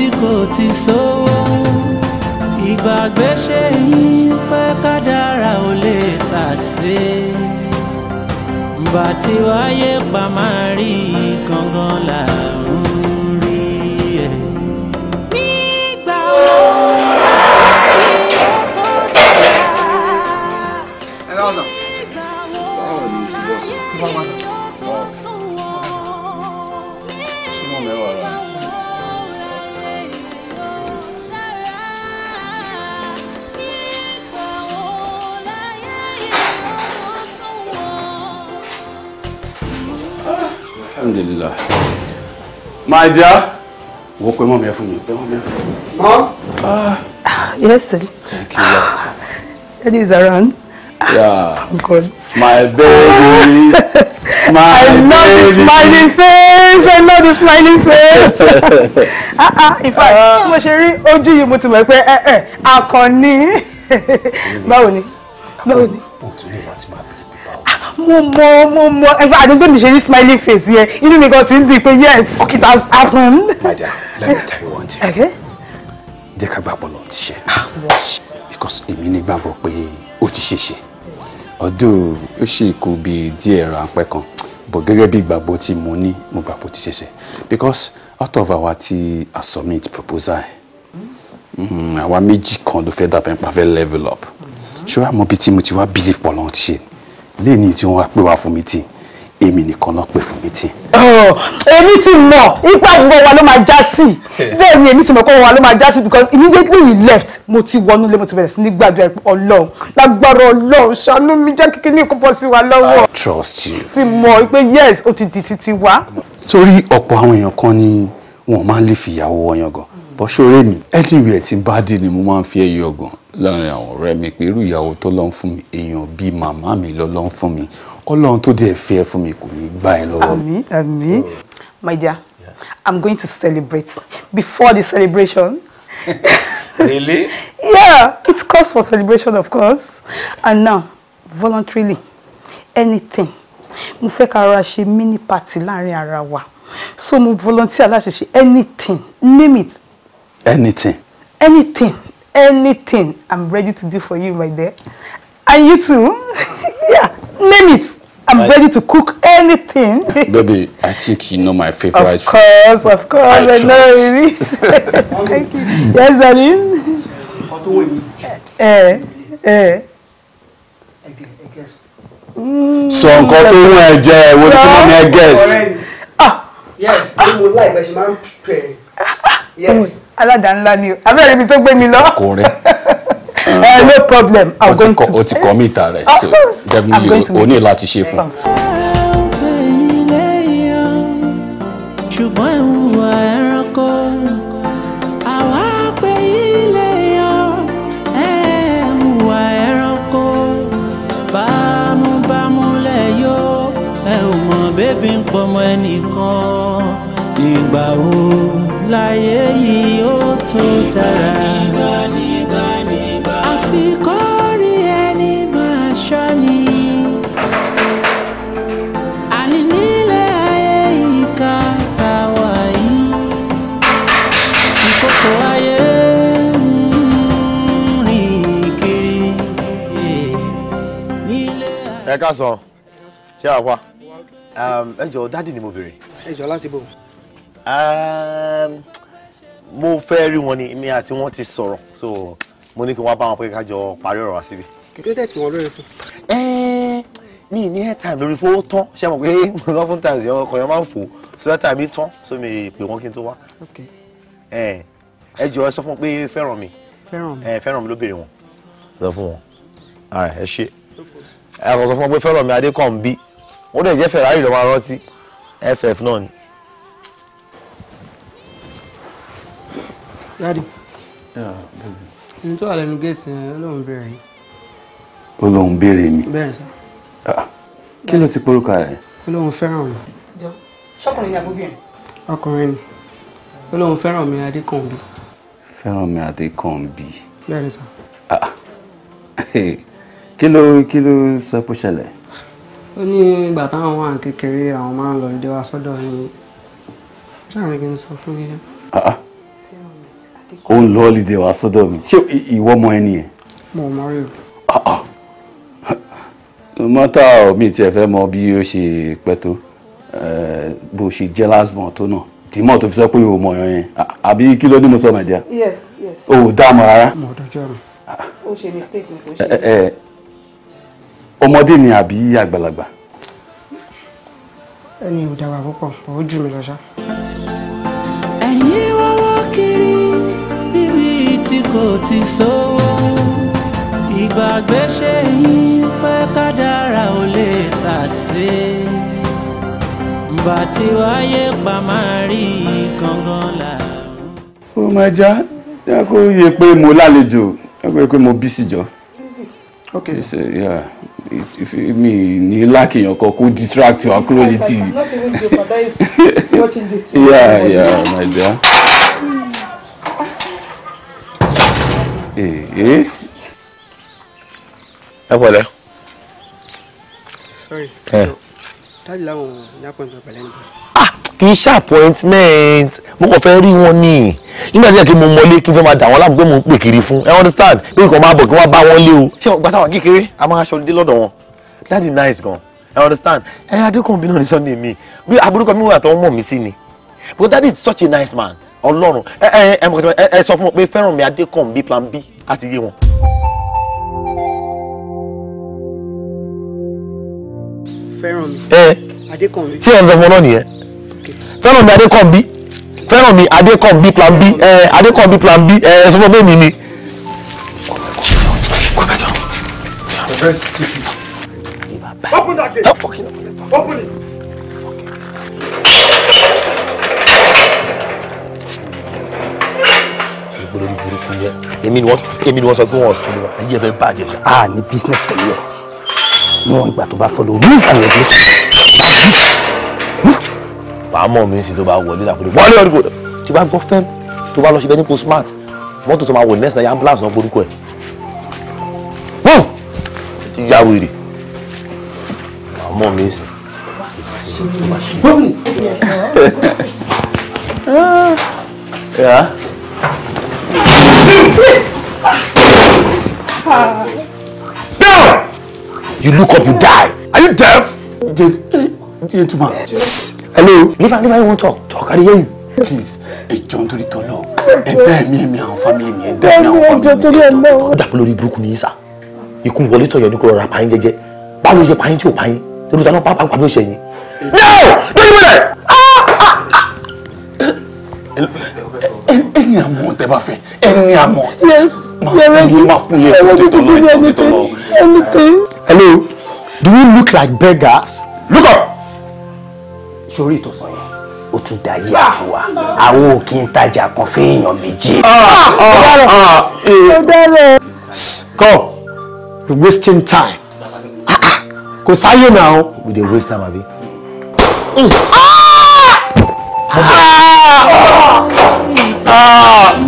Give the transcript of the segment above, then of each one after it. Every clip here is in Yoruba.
tí kò ti sówó ìgbàgbé ṣe yín pé kádàrá ò lè tà sí bàtí wáyé pa máa rí gangan làá. alhamdulillah my dear wo pe mọ́mi ẹ fún mi pe mọ́mi mi. mọ́. Ah. yes sir. thank you lord. daddy is around. yeah thank oh, my baby. my I baby. love the smiling face I love the smiling face. ah ah in fact ah. mo ṣe rí ojú yìí mo ti mọ̀ pé Eh eh, akọni báwo ni báwo ni. o tún lè máa mo mọ mo mọ ẹgbẹ́ àdégbé mi ṣe ní smiley face yẹn inú mi kan ti ń di pé yes it has happened. my dear let me tell you one thing. Okay. jẹ́ ká gbàgbọ́ náà ti ṣe ah, because èmi ní gbàgbọ́ pé ó ti ṣe ṣe ọdún ó ṣì kù bí díẹ̀ ráńpẹ́ kan but gẹ́gẹ́ bí ìgbàgbọ́ tí mo ní mo gbàgbọ́ ti ṣe ṣe because out of our ti a submit proposal mm, àwa méjì kan ló fẹ́ dàbẹ̀ ń pa fẹ́ level up ṣé wàá mọ bí tí mo ti wá believe pọ̀ lọ́n ti ṣe ni lẹ́ni tí wọ́n á pè wá fún meeting èmi nìkan ló pè fún meeting. Oh, èmi ti mọ̀ ipa gbogbo wa ló máa já sí bẹ́ẹ̀ ni èmi ti mọ̀ pé wa ló máa já sí because immediately he left mo ti wọnú ilé mo ti bẹ̀rẹ̀ sí ní gbàdúrà ọlọ́run lágbára ọlọ́run ṣàánú mi jẹ́ kíkí ní ìkópọ̀ sí wa lọ́wọ́. I trust you. ti mọ̀ pé yes ó ti di títí wa. torí ọ̀pọ̀ àwọn èèyàn kan ni wọn máa ń lè fi ìyàwó wọn yangàn bọ́sọ̀rẹ́ mi anywhere tí bá dé ni mo máa ń fi ẹyọ ọgbọ̀n láàrin àwọn ọ̀rẹ́ mi pé irú ìyàwó tó lọ́n fún mi èèyàn bíi màmá mi ló lọ́n fún mi ọlọ́run tó dẹ̀ fẹ́ fún mi kò ní gbà ẹ́ lọ́wọ́ mi. àmín my dear yeah. i'm going to celebrate before the celebration. really? yeah it calls for celebration of course and now voluntarily anything mo fẹ́ ká ara ṣe mini party láàrin ara wa so mo volunteer láti ṣe anything name it Anything. Anything. Anything I'm ready to do for you, my dear. And you too. yeah, name it. I'm I, ready to cook anything. Baby, I think you know my favorite Of course, of course. I, I know it is. Thank you. Yes, darling. Eh, eh. So nǹkan tó wọ́n ẹ jẹ́ ẹ wo ni kí wọ́n ní ẹ gẹ̀ẹ́sì. yes ní ah. would like but ṣe máa ń yes aládàá ńlá ni o abẹ́rẹ́ ibi tó gbé mi lọ. ọkùnrin ẹ eh, no problem i'm going to. o ti kọ mi ìta rẹ so definitely o ní láti ṣe fún. ṣùgbọ́n ìwà ẹranko àwa pé ẹnìkan ìgbà wo láyé yìí ó tó dára. àfikọ́rí ẹni máa ṣọ́ ni. ànínílẹ̀ ayé ẹ ká ṣé àwa ẹ jọ dádì ni mo béèrè. ẹ jọ láti bò. Um, mo fẹ́ rí wọn ni mi àti wọn ti sọ̀rọ̀ so mo ní kí wọ́n bá wọn pé ká jọ parí ọ̀rọ̀ wá síbi. kí ló dé kí wọ́n lórí fún. mi ní airtime lórí fún ó tán ṣé mo pé mo lọ fún times ọkọ̀ yẹn máa ń fò so airtime mi tán so mi pè wọ́n kí n tó wá. ẹ jọ ẹ sọ fún pé fẹ́ràn mi fẹ́ràn mi ló béèrè wọn sọ fún wọn ẹ ṣe ẹ kò sọ fún wọn pé fẹ́ràn mi adé kàn ń bí wọ́n dẹ̀ jẹ́ Ferrari ló máa rántí ff náà ni. Daddy. Ní tó wà lẹ́nu géètì yẹn ló ń béèrè yìí. Ó ló mi. Bẹ́ẹ̀ sá. Ah, kí ló ti porúkọ rẹ̀? Ó lóun fẹ́ràn mi. Ṣọ́kùnrin ni àbúbìnrin? Ọkùnrin ni. Ó lóun fẹ́ràn mi Adékànbí. Fẹ́ràn mi Adékànbí. Bẹ́ẹ̀ sá. Ah, kí ló kí ló sọ pé ṣẹlẹ̀? Ó ní ìgbà táwọn wà kékeré àwọn máa ń lọ ìdẹ́wà sọ́dọ̀ yìí. Ṣáà ní kí n sọ fún yíyá. Ah, ó ń lọ holiday wá sọ́dọ̀ mi ṣé ìwọ mọ ẹni yẹn. mo mọ rẹ. mọ́tà mi tiẹ̀ fẹ́ mọ bí ó ṣe pẹ́ tó eh, bó ṣe jẹ́ last born tó náà tí mọ́tò fi sọ pé o mọ̀ yẹn ah, àbí kí ló ní mo sọ my dear. yes yes. o ò dá mọ rárá. mo dọjọ́ mi. Ah. ó ṣe mistake mi kò ṣe. Eh, eh, ọmọdé ni àbí àgbàlagbà. ẹni ò dàgbà púpọ̀ ó jù mí lọ ṣá. kò ti sówó ìgbàgbé ṣe yín pé kádàrà ò lè tà sí bàtí wáyé pa máa rí gangan là. ó máa já já kó yẹ pé mo lálejò já kó yẹ pé mo bí síjọ. okay So, yeah if mi ni lacking your koko distract your quality. yeah yeah my dear ẹ pẹ̀lẹ́. sorry dájú láwọn ní appointment pẹ̀lẹ́ nípa. Ah, kì í ṣe appointment mo kàn fẹ́ rí wọn ni nígbà tí yẹ kí mo mọlé kí n fẹ́ máa dà wọ́n láàmú pé mo ń pè kiri fún ẹ understand pé nǹkan máa bọ̀ kí wọ́n bá wọn lé o. ṣé wọn gbàtà wà kékeré a máa aṣọ dé lọ́dọ̀ wọn that is nice gan i understand ẹ adékùnbí náà ní sunday mi bí aburúkọ mi wà tó ń mọ̀ mí sí ni but that is such a nice man ọlọ́run ẹ ẹ ẹ sọ fún wọn pé fẹ́ràn mi adékànbí plan b àti yé wọn. fẹ́ràn mi adékànbí. ṣé ẹ sọ fún ọ náà nìyẹn fẹ́ràn mi adékànbí fẹ́ràn mi adékànbí plan b ẹ adékànbí plan b ẹ sọ fún ọ bẹ́ẹ̀ mi ni. Open that gate. Open it. burúkú yẹn èmi ni wọ́n èmi ni wọ́n sọ pé wọ́n sin wa ayé ẹ fẹ́ bàjẹ́ ṣá. a ní business pẹ̀lú ẹ̀ níwọ̀n ìgbà tó bá follow rules and regulations. wàá mọ̀ mí sí tó bá wọlé làkúrẹ́ wọlé ọdún kò tí bá gbọ́ fẹ́m tó bá lọ síbẹ̀ ní postmart mọ́tò tó máa wọlé next time ambulance náà gbórúkọ ẹ̀. wọ́n ti yá wèrè wàá mọ̀ mí sí. Yeah. Down! You look up, you die. Are you deaf? Did? Did Gentleman. Hello. Leave her, leave her, you won't talk. Talk, I hear you. Please, ẹ jọ̀ọ́ nítorí t'Ọlọ́run. Ẹ dá ẹ̀mí ẹ̀mí àwọn family mi, ẹ dá ẹ̀mí àwọn family mi. Ó dà pé lórí burúkú ni yín sà. Ikú wọlé tọ̀yọ̀ ní kò rọra pa yín jẹ́jẹ́. Báwo ṣe pa yín tí ò pa yín? Torí ta náà pàápàá pàbí òṣèyìn. No! Don't do that! ẹni àmọ́ tẹ bá fẹ́ ẹni àmọ́. yes yẹrẹ máa fún yẹ tó tó lọ ẹni tó lọ. hello do we look like beggars. look up. sori ìtòsàn yẹn ó tún da yi àti wa àwọn òkè ń tajà kan fẹ́ẹ̀yàn méjì. kọ́ ah, ah, ah, eh. you wasting time kò sáyé náà. we dey waste time abi. Mm. Ah! Ah!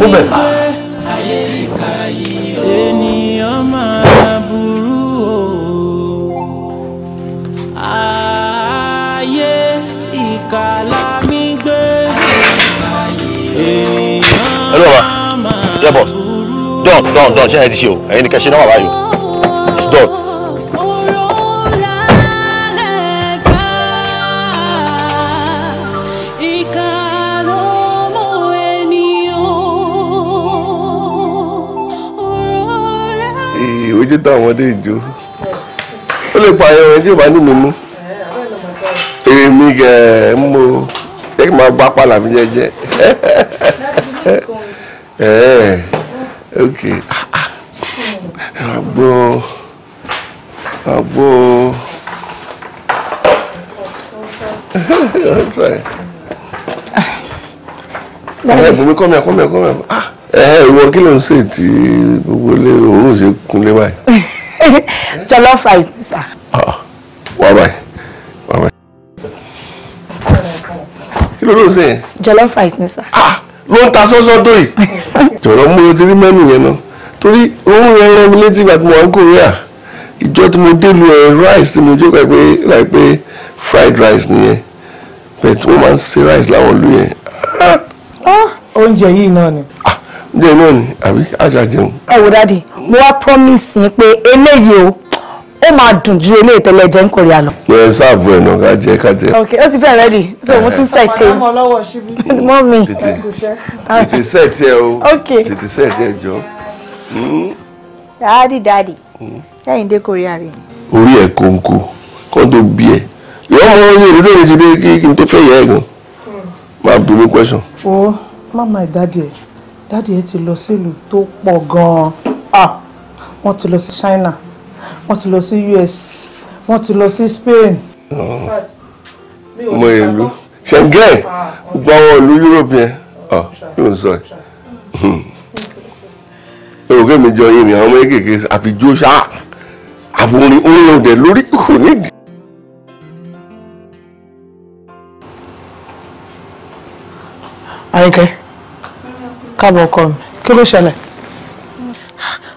kó mẹ́fà. ènìyàn máa burú o ayé ìkà la mi gbé ènìyàn máa burú o. ẹ lọ́wọ́ yẹ bọ̀ dán dán dán ṣé ẹ ti ṣe o ẹ̀yin ni ṣe náà wà báyìí. táwọn ọdẹ ìjó ó lè pa ayẹyẹ tí ò bá ní mi mú èmi gẹ̀ ẹ́ mo ẹ máa gbá pàlà mi jẹ́jẹ́ ẹ ok àgbo àgbo báyìí ah, bùnmi kọ́ mi kọ́ mi kí ló ń ṣe tí gbogbo ilé òórùn ṣe kúnlé báyìí. jollof rice sà. Ah, ah. wá báyìí wá báyìí. kí ló ló ń ṣe yẹn. jollof rice ni sà. Ah, ló ń ta sọ́sọ́ tó yìí. jọ̀rọ̀ mú ti rí mẹ́nu yẹn náà torí òun yẹn rán mi létí ìgbà tí mo wà ní Korea ìjọ tí mo délu ẹ rice tí mo jókòó pé láìpẹ́ fried rice nìyẹn bẹ́ẹ̀ tí wọ́n máa ń ṣe rice láwọn ìlú yẹn. oúnjẹ yìí náà ni díẹ̀ náà ni àbí àṣà jẹun. ẹ wo dáàdi mo wá promise yín pé eléyìí o ó máa dùn ju eléyìí tẹ́lẹ̀ jẹ́ ń kórè àná. ẹ ṣáàbù ẹ náà ká jẹ ká jẹ. ok ó ti bẹ́ẹ̀ rẹ́dì so mo ti ń set ọmọ ọlọ́wọ́ ṣíbí. mọ́ mi tètè set ẹ o tètè set ẹ jọ. dáàdì dáàdì lẹ́yìn dé kórè àrè. orí ẹ̀ kónkó kọ́ tó bí ẹ̀ yọ̀ọ́ mọ oyin ìrírí òní ti dé kí n tó fẹ́ yẹ ẹ̀ gan hmm. máa bí mi question. o má máa dá díẹ̀ dáàdì ẹ ti lọ sílùú tó pọ̀ gan-an ah, wọ́n ti lọ sí China wọ́n ti lọ sí US wọ́n ti lọ sí Spain. ọmọ ìlú Schengen gbọ́ àwọn ìlú Europe yẹn yóò ah, ń sọ ẹ̀ èrò kẹ́mi jọ yìí ni àwọn ọmọ kékeré àfijó ṣáà àforin orin ọ̀dẹ̀ lórí kò nídìí. Àyìnkẹ́ káàbọ̀ ọkọ mi kí ló ṣẹlẹ̀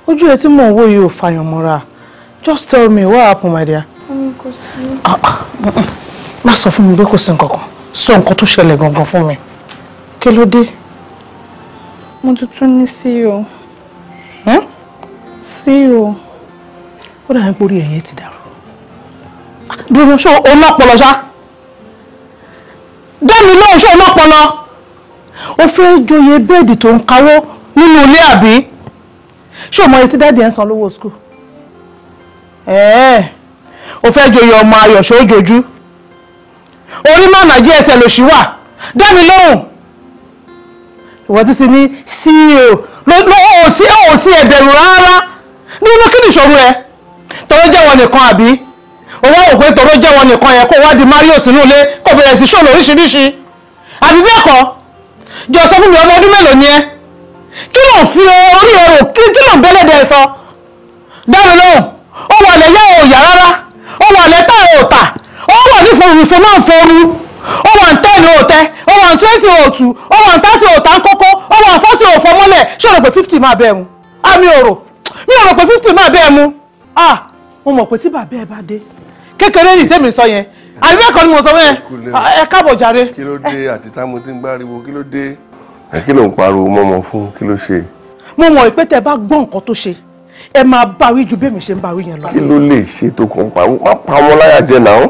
ojú ẹ tí mò ń wò yìí ò fàyàn mọ́ra just tell me what happened my dear. kò sí. Ah, ah, má sọ fún mi pé kò sí nǹkan kan sọ nǹkan tó ṣẹlẹ̀ gangan fún mi kí ló dé. mo tuntun ní sí e o. sí hm? e o. ó dàbí pé orí ẹ̀yẹ ti dàrú. dúró ṣé o náà pọlọ ṣá. dẹ́mi lóhùn ṣé o náà pọlọ ó fẹ́ joyè bẹ́ẹ̀dì tó ń kawó nínú ilé àbí ṣé o mọ etí dáàdì ẹ̀ ń san lówó skul ẹ̀ẹ́ o fẹ́ joyè ọmọ ayọ̀ ṣojojú orí mọ̀nà jí ẹsẹ̀ lòṣì wà dá lóhùn ìwọ títí ní ceo ló ò tí ò tí ẹ bẹ̀rù kí ni ìṣòro ẹ tọrọ jẹ́ wọn nìkan àbí owó òpin tọrọ jẹ́ wọn nìkan yẹ kó wá di Marius nílé kó bẹ̀rẹ̀ sí ṣòro oríṣiríṣi àbí bẹ́ẹ̀ kọ́ jọ sọ fún mi ọmọ ọdún mélòó ni ẹ kí ló ń fi orí ẹrù kí ló ń bẹ́lẹ̀dẹ̀ sọ dáre lóhùn ó wà lẹ́yà òòyà rárá ó wà lẹ́tà òòtà ó wà ní fòrùfò náà fòrù ó wà ní ten òòtẹ ó wà ní twenty òòtù ó wà ní thirty òòtà ń kókó ó wà ní forty òòfọ mọ́lẹ̀ ṣé o rò pé fifty máa bẹ́ẹ̀ mu àmì òrò mi ò rò pé fifty máa bẹ́ẹ̀ mu ah mo mọ̀ pé tí bàbá ẹ bá dé kékeré nìtẹ́mi sọ yẹn àbí bẹ́ẹ̀ kọ́ ni mo sọ bẹ́ẹ̀ ẹ káàbọ̀ jàre. kí ló dé àti táwọn tí ń bá ariwo kí ló dé ẹ kí ló ń pariwo mọ́mọ́ fún kí ló ṣe. mo mọ̀ pé tẹ bá gbọ́ nǹkan tó ṣe ẹ máa báwí ju bí èmi ṣe ń báwí yẹn lọ. kí ló lè ṣe tó kàn pa má pa wọn láyà jẹ náà.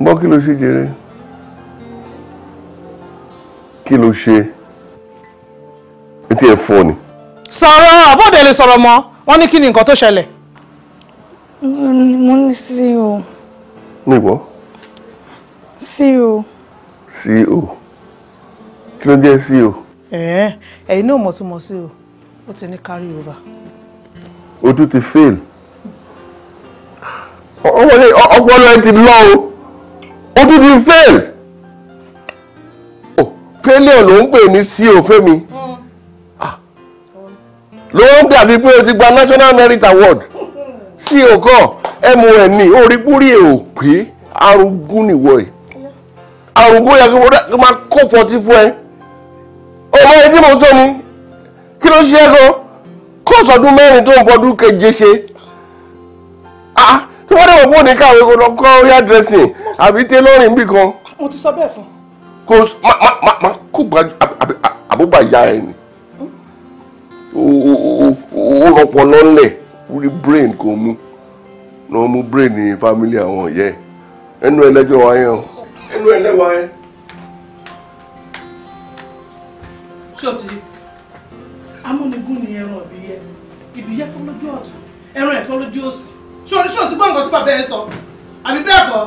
gbọ́ kí ló ṣe jèrè kí ló ṣe etí ẹ̀ fọ́ ni. sọ̀rọ̀ àbọ̀dẹ̀ lè sọ̀rọ̀ mọ́ wọ́n ní kí ni nǹkan tó ṣẹlẹ̀ mo ní sí o. ní ìwọ. sí o. sí o kí ló jẹ́ sí o. ẹ̀yin náà mọ̀túmọ̀ sí o ó ti ní carry over. ojú ti fail ọpọlọ ẹ ti lọ o ojú ti fail oh, failure ló ń pè ní sí o fẹ́mi hmm. ah. ló ń dàbí pé o ti gba national merit award sí ọgọ́ mon ní orí gbórí ẹ̀ ò pé arúgún nìwọ ẹ̀ arúgún yẹ kí wọ́n máa kó fọtí fún ẹ ọmọ ẹ tí mo sọ ni kí ló ṣe é gan kóòsì mẹ́rin tó ń fọdún keje ṣe ah tí wọ́n dẹ̀ wọ́n ní káwé kó lọ kọ́ hair dressing àbí tailoring bì kan. mo ti sọ bẹ́ẹ̀ fún. kò má má má kó gbájú àbúgbà ya ẹ ni o o o o ọpọlọ ńlẹ̀ orí brain kò mú ní wọ́n mú brain ní family àwọn yẹ ẹnu ẹlẹ́jọ́ wa yẹn o ẹnu ẹlẹ́wà yẹn. ṣé o ti rí amúnigún ni ẹran ọ̀bí yẹ ìbí yẹ fún lójú ọ̀tún ẹran ẹ̀fọ́ lójú òsì ṣé oníṣòsì gbọ́ nǹkan sí bàbá ẹ sọ àbí bẹ́ẹ̀ kọ́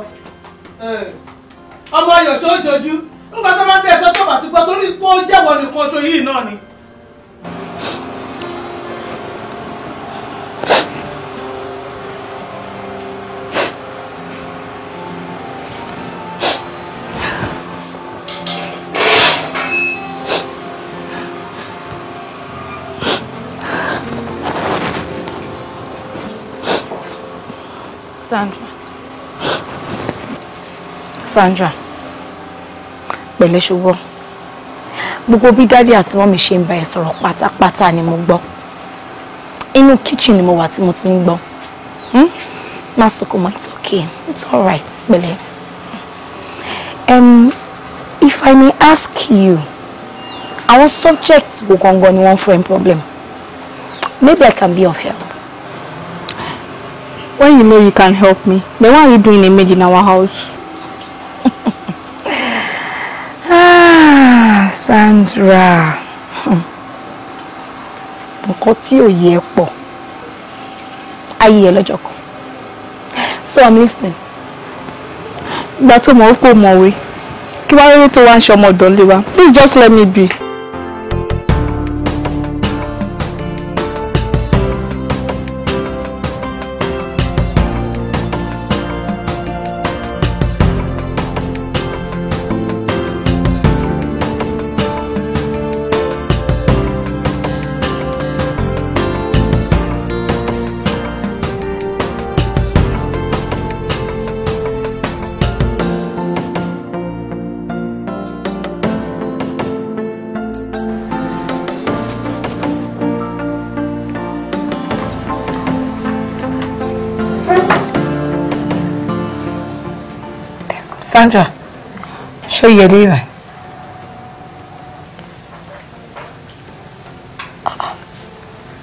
ọmọ ayọ̀ tó dojú nígbà tó bá bẹ́ẹ̀ sọ tó bá ti gbọ́ torí pé ó jẹ́wọ́ nìkan ṣo yìí náà ni. Sandra. Sandra. Pẹ̀lẹ́ ṣùgbọ́n. Gbogbo bí dádì àti mọ́mí ṣe ń bá ẹ sọ̀rọ̀ pátápátá ni mo gbọ́. Inú kíchìn ni mo wà tí mo ti ń gbọ́. Hmm? Má sunkún mọ́, it's okay, it's all right, pẹ̀lẹ́. Um, if I may ask you, àwọn subjects wo gangan ni wọ́n fún problem? Maybe I can be of help when you know you can help me, then why are you doing a maid in our house? ah, Sandra. Nǹkan tí ò yẹ pọ̀. Ayé ẹ lọ́jọ́ So I'm listening. Ìgbà tó mọ̀ ó pò mọ̀wé. Kí wá lórí tó wá ń Please just let me be. Sandra show yẹ dé ibà.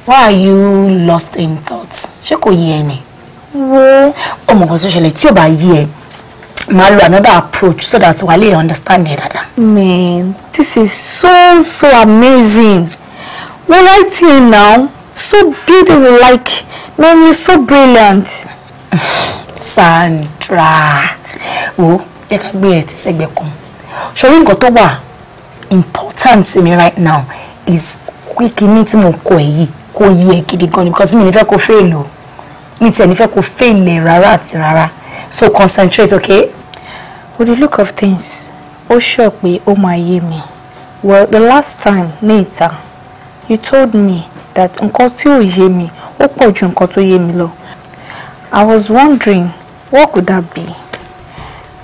Why are you lost in thoughts? ṣé kò yé any. Oh, wo ọmọ kan tó ṣẹlẹ̀ tí ò bá e, another approach so that wàá understand ẹ man this is so so amazing when I see you now so beautiful like man you're so brilliant. Sandra Oh yẹ ká gbé ẹ ti sẹ́gbẹ̀ kan ṣorí nǹkan tó wà important to me right now is kíkiní tí mo kọ ẹ yìí kò yẹ gidi gan ni because mi ní fẹ́ kó fail o mi tiẹ̀ ní fẹ́ kó fail ẹ̀ rárá àti rárá so concentrate okay. with the look of things ó sọ pé ó máa yé mi well the last time ní ìta you told me that nǹkan tí ò yé mi ó pọ̀ ju nǹkan tó yé mi lọ i was wondering what could that be.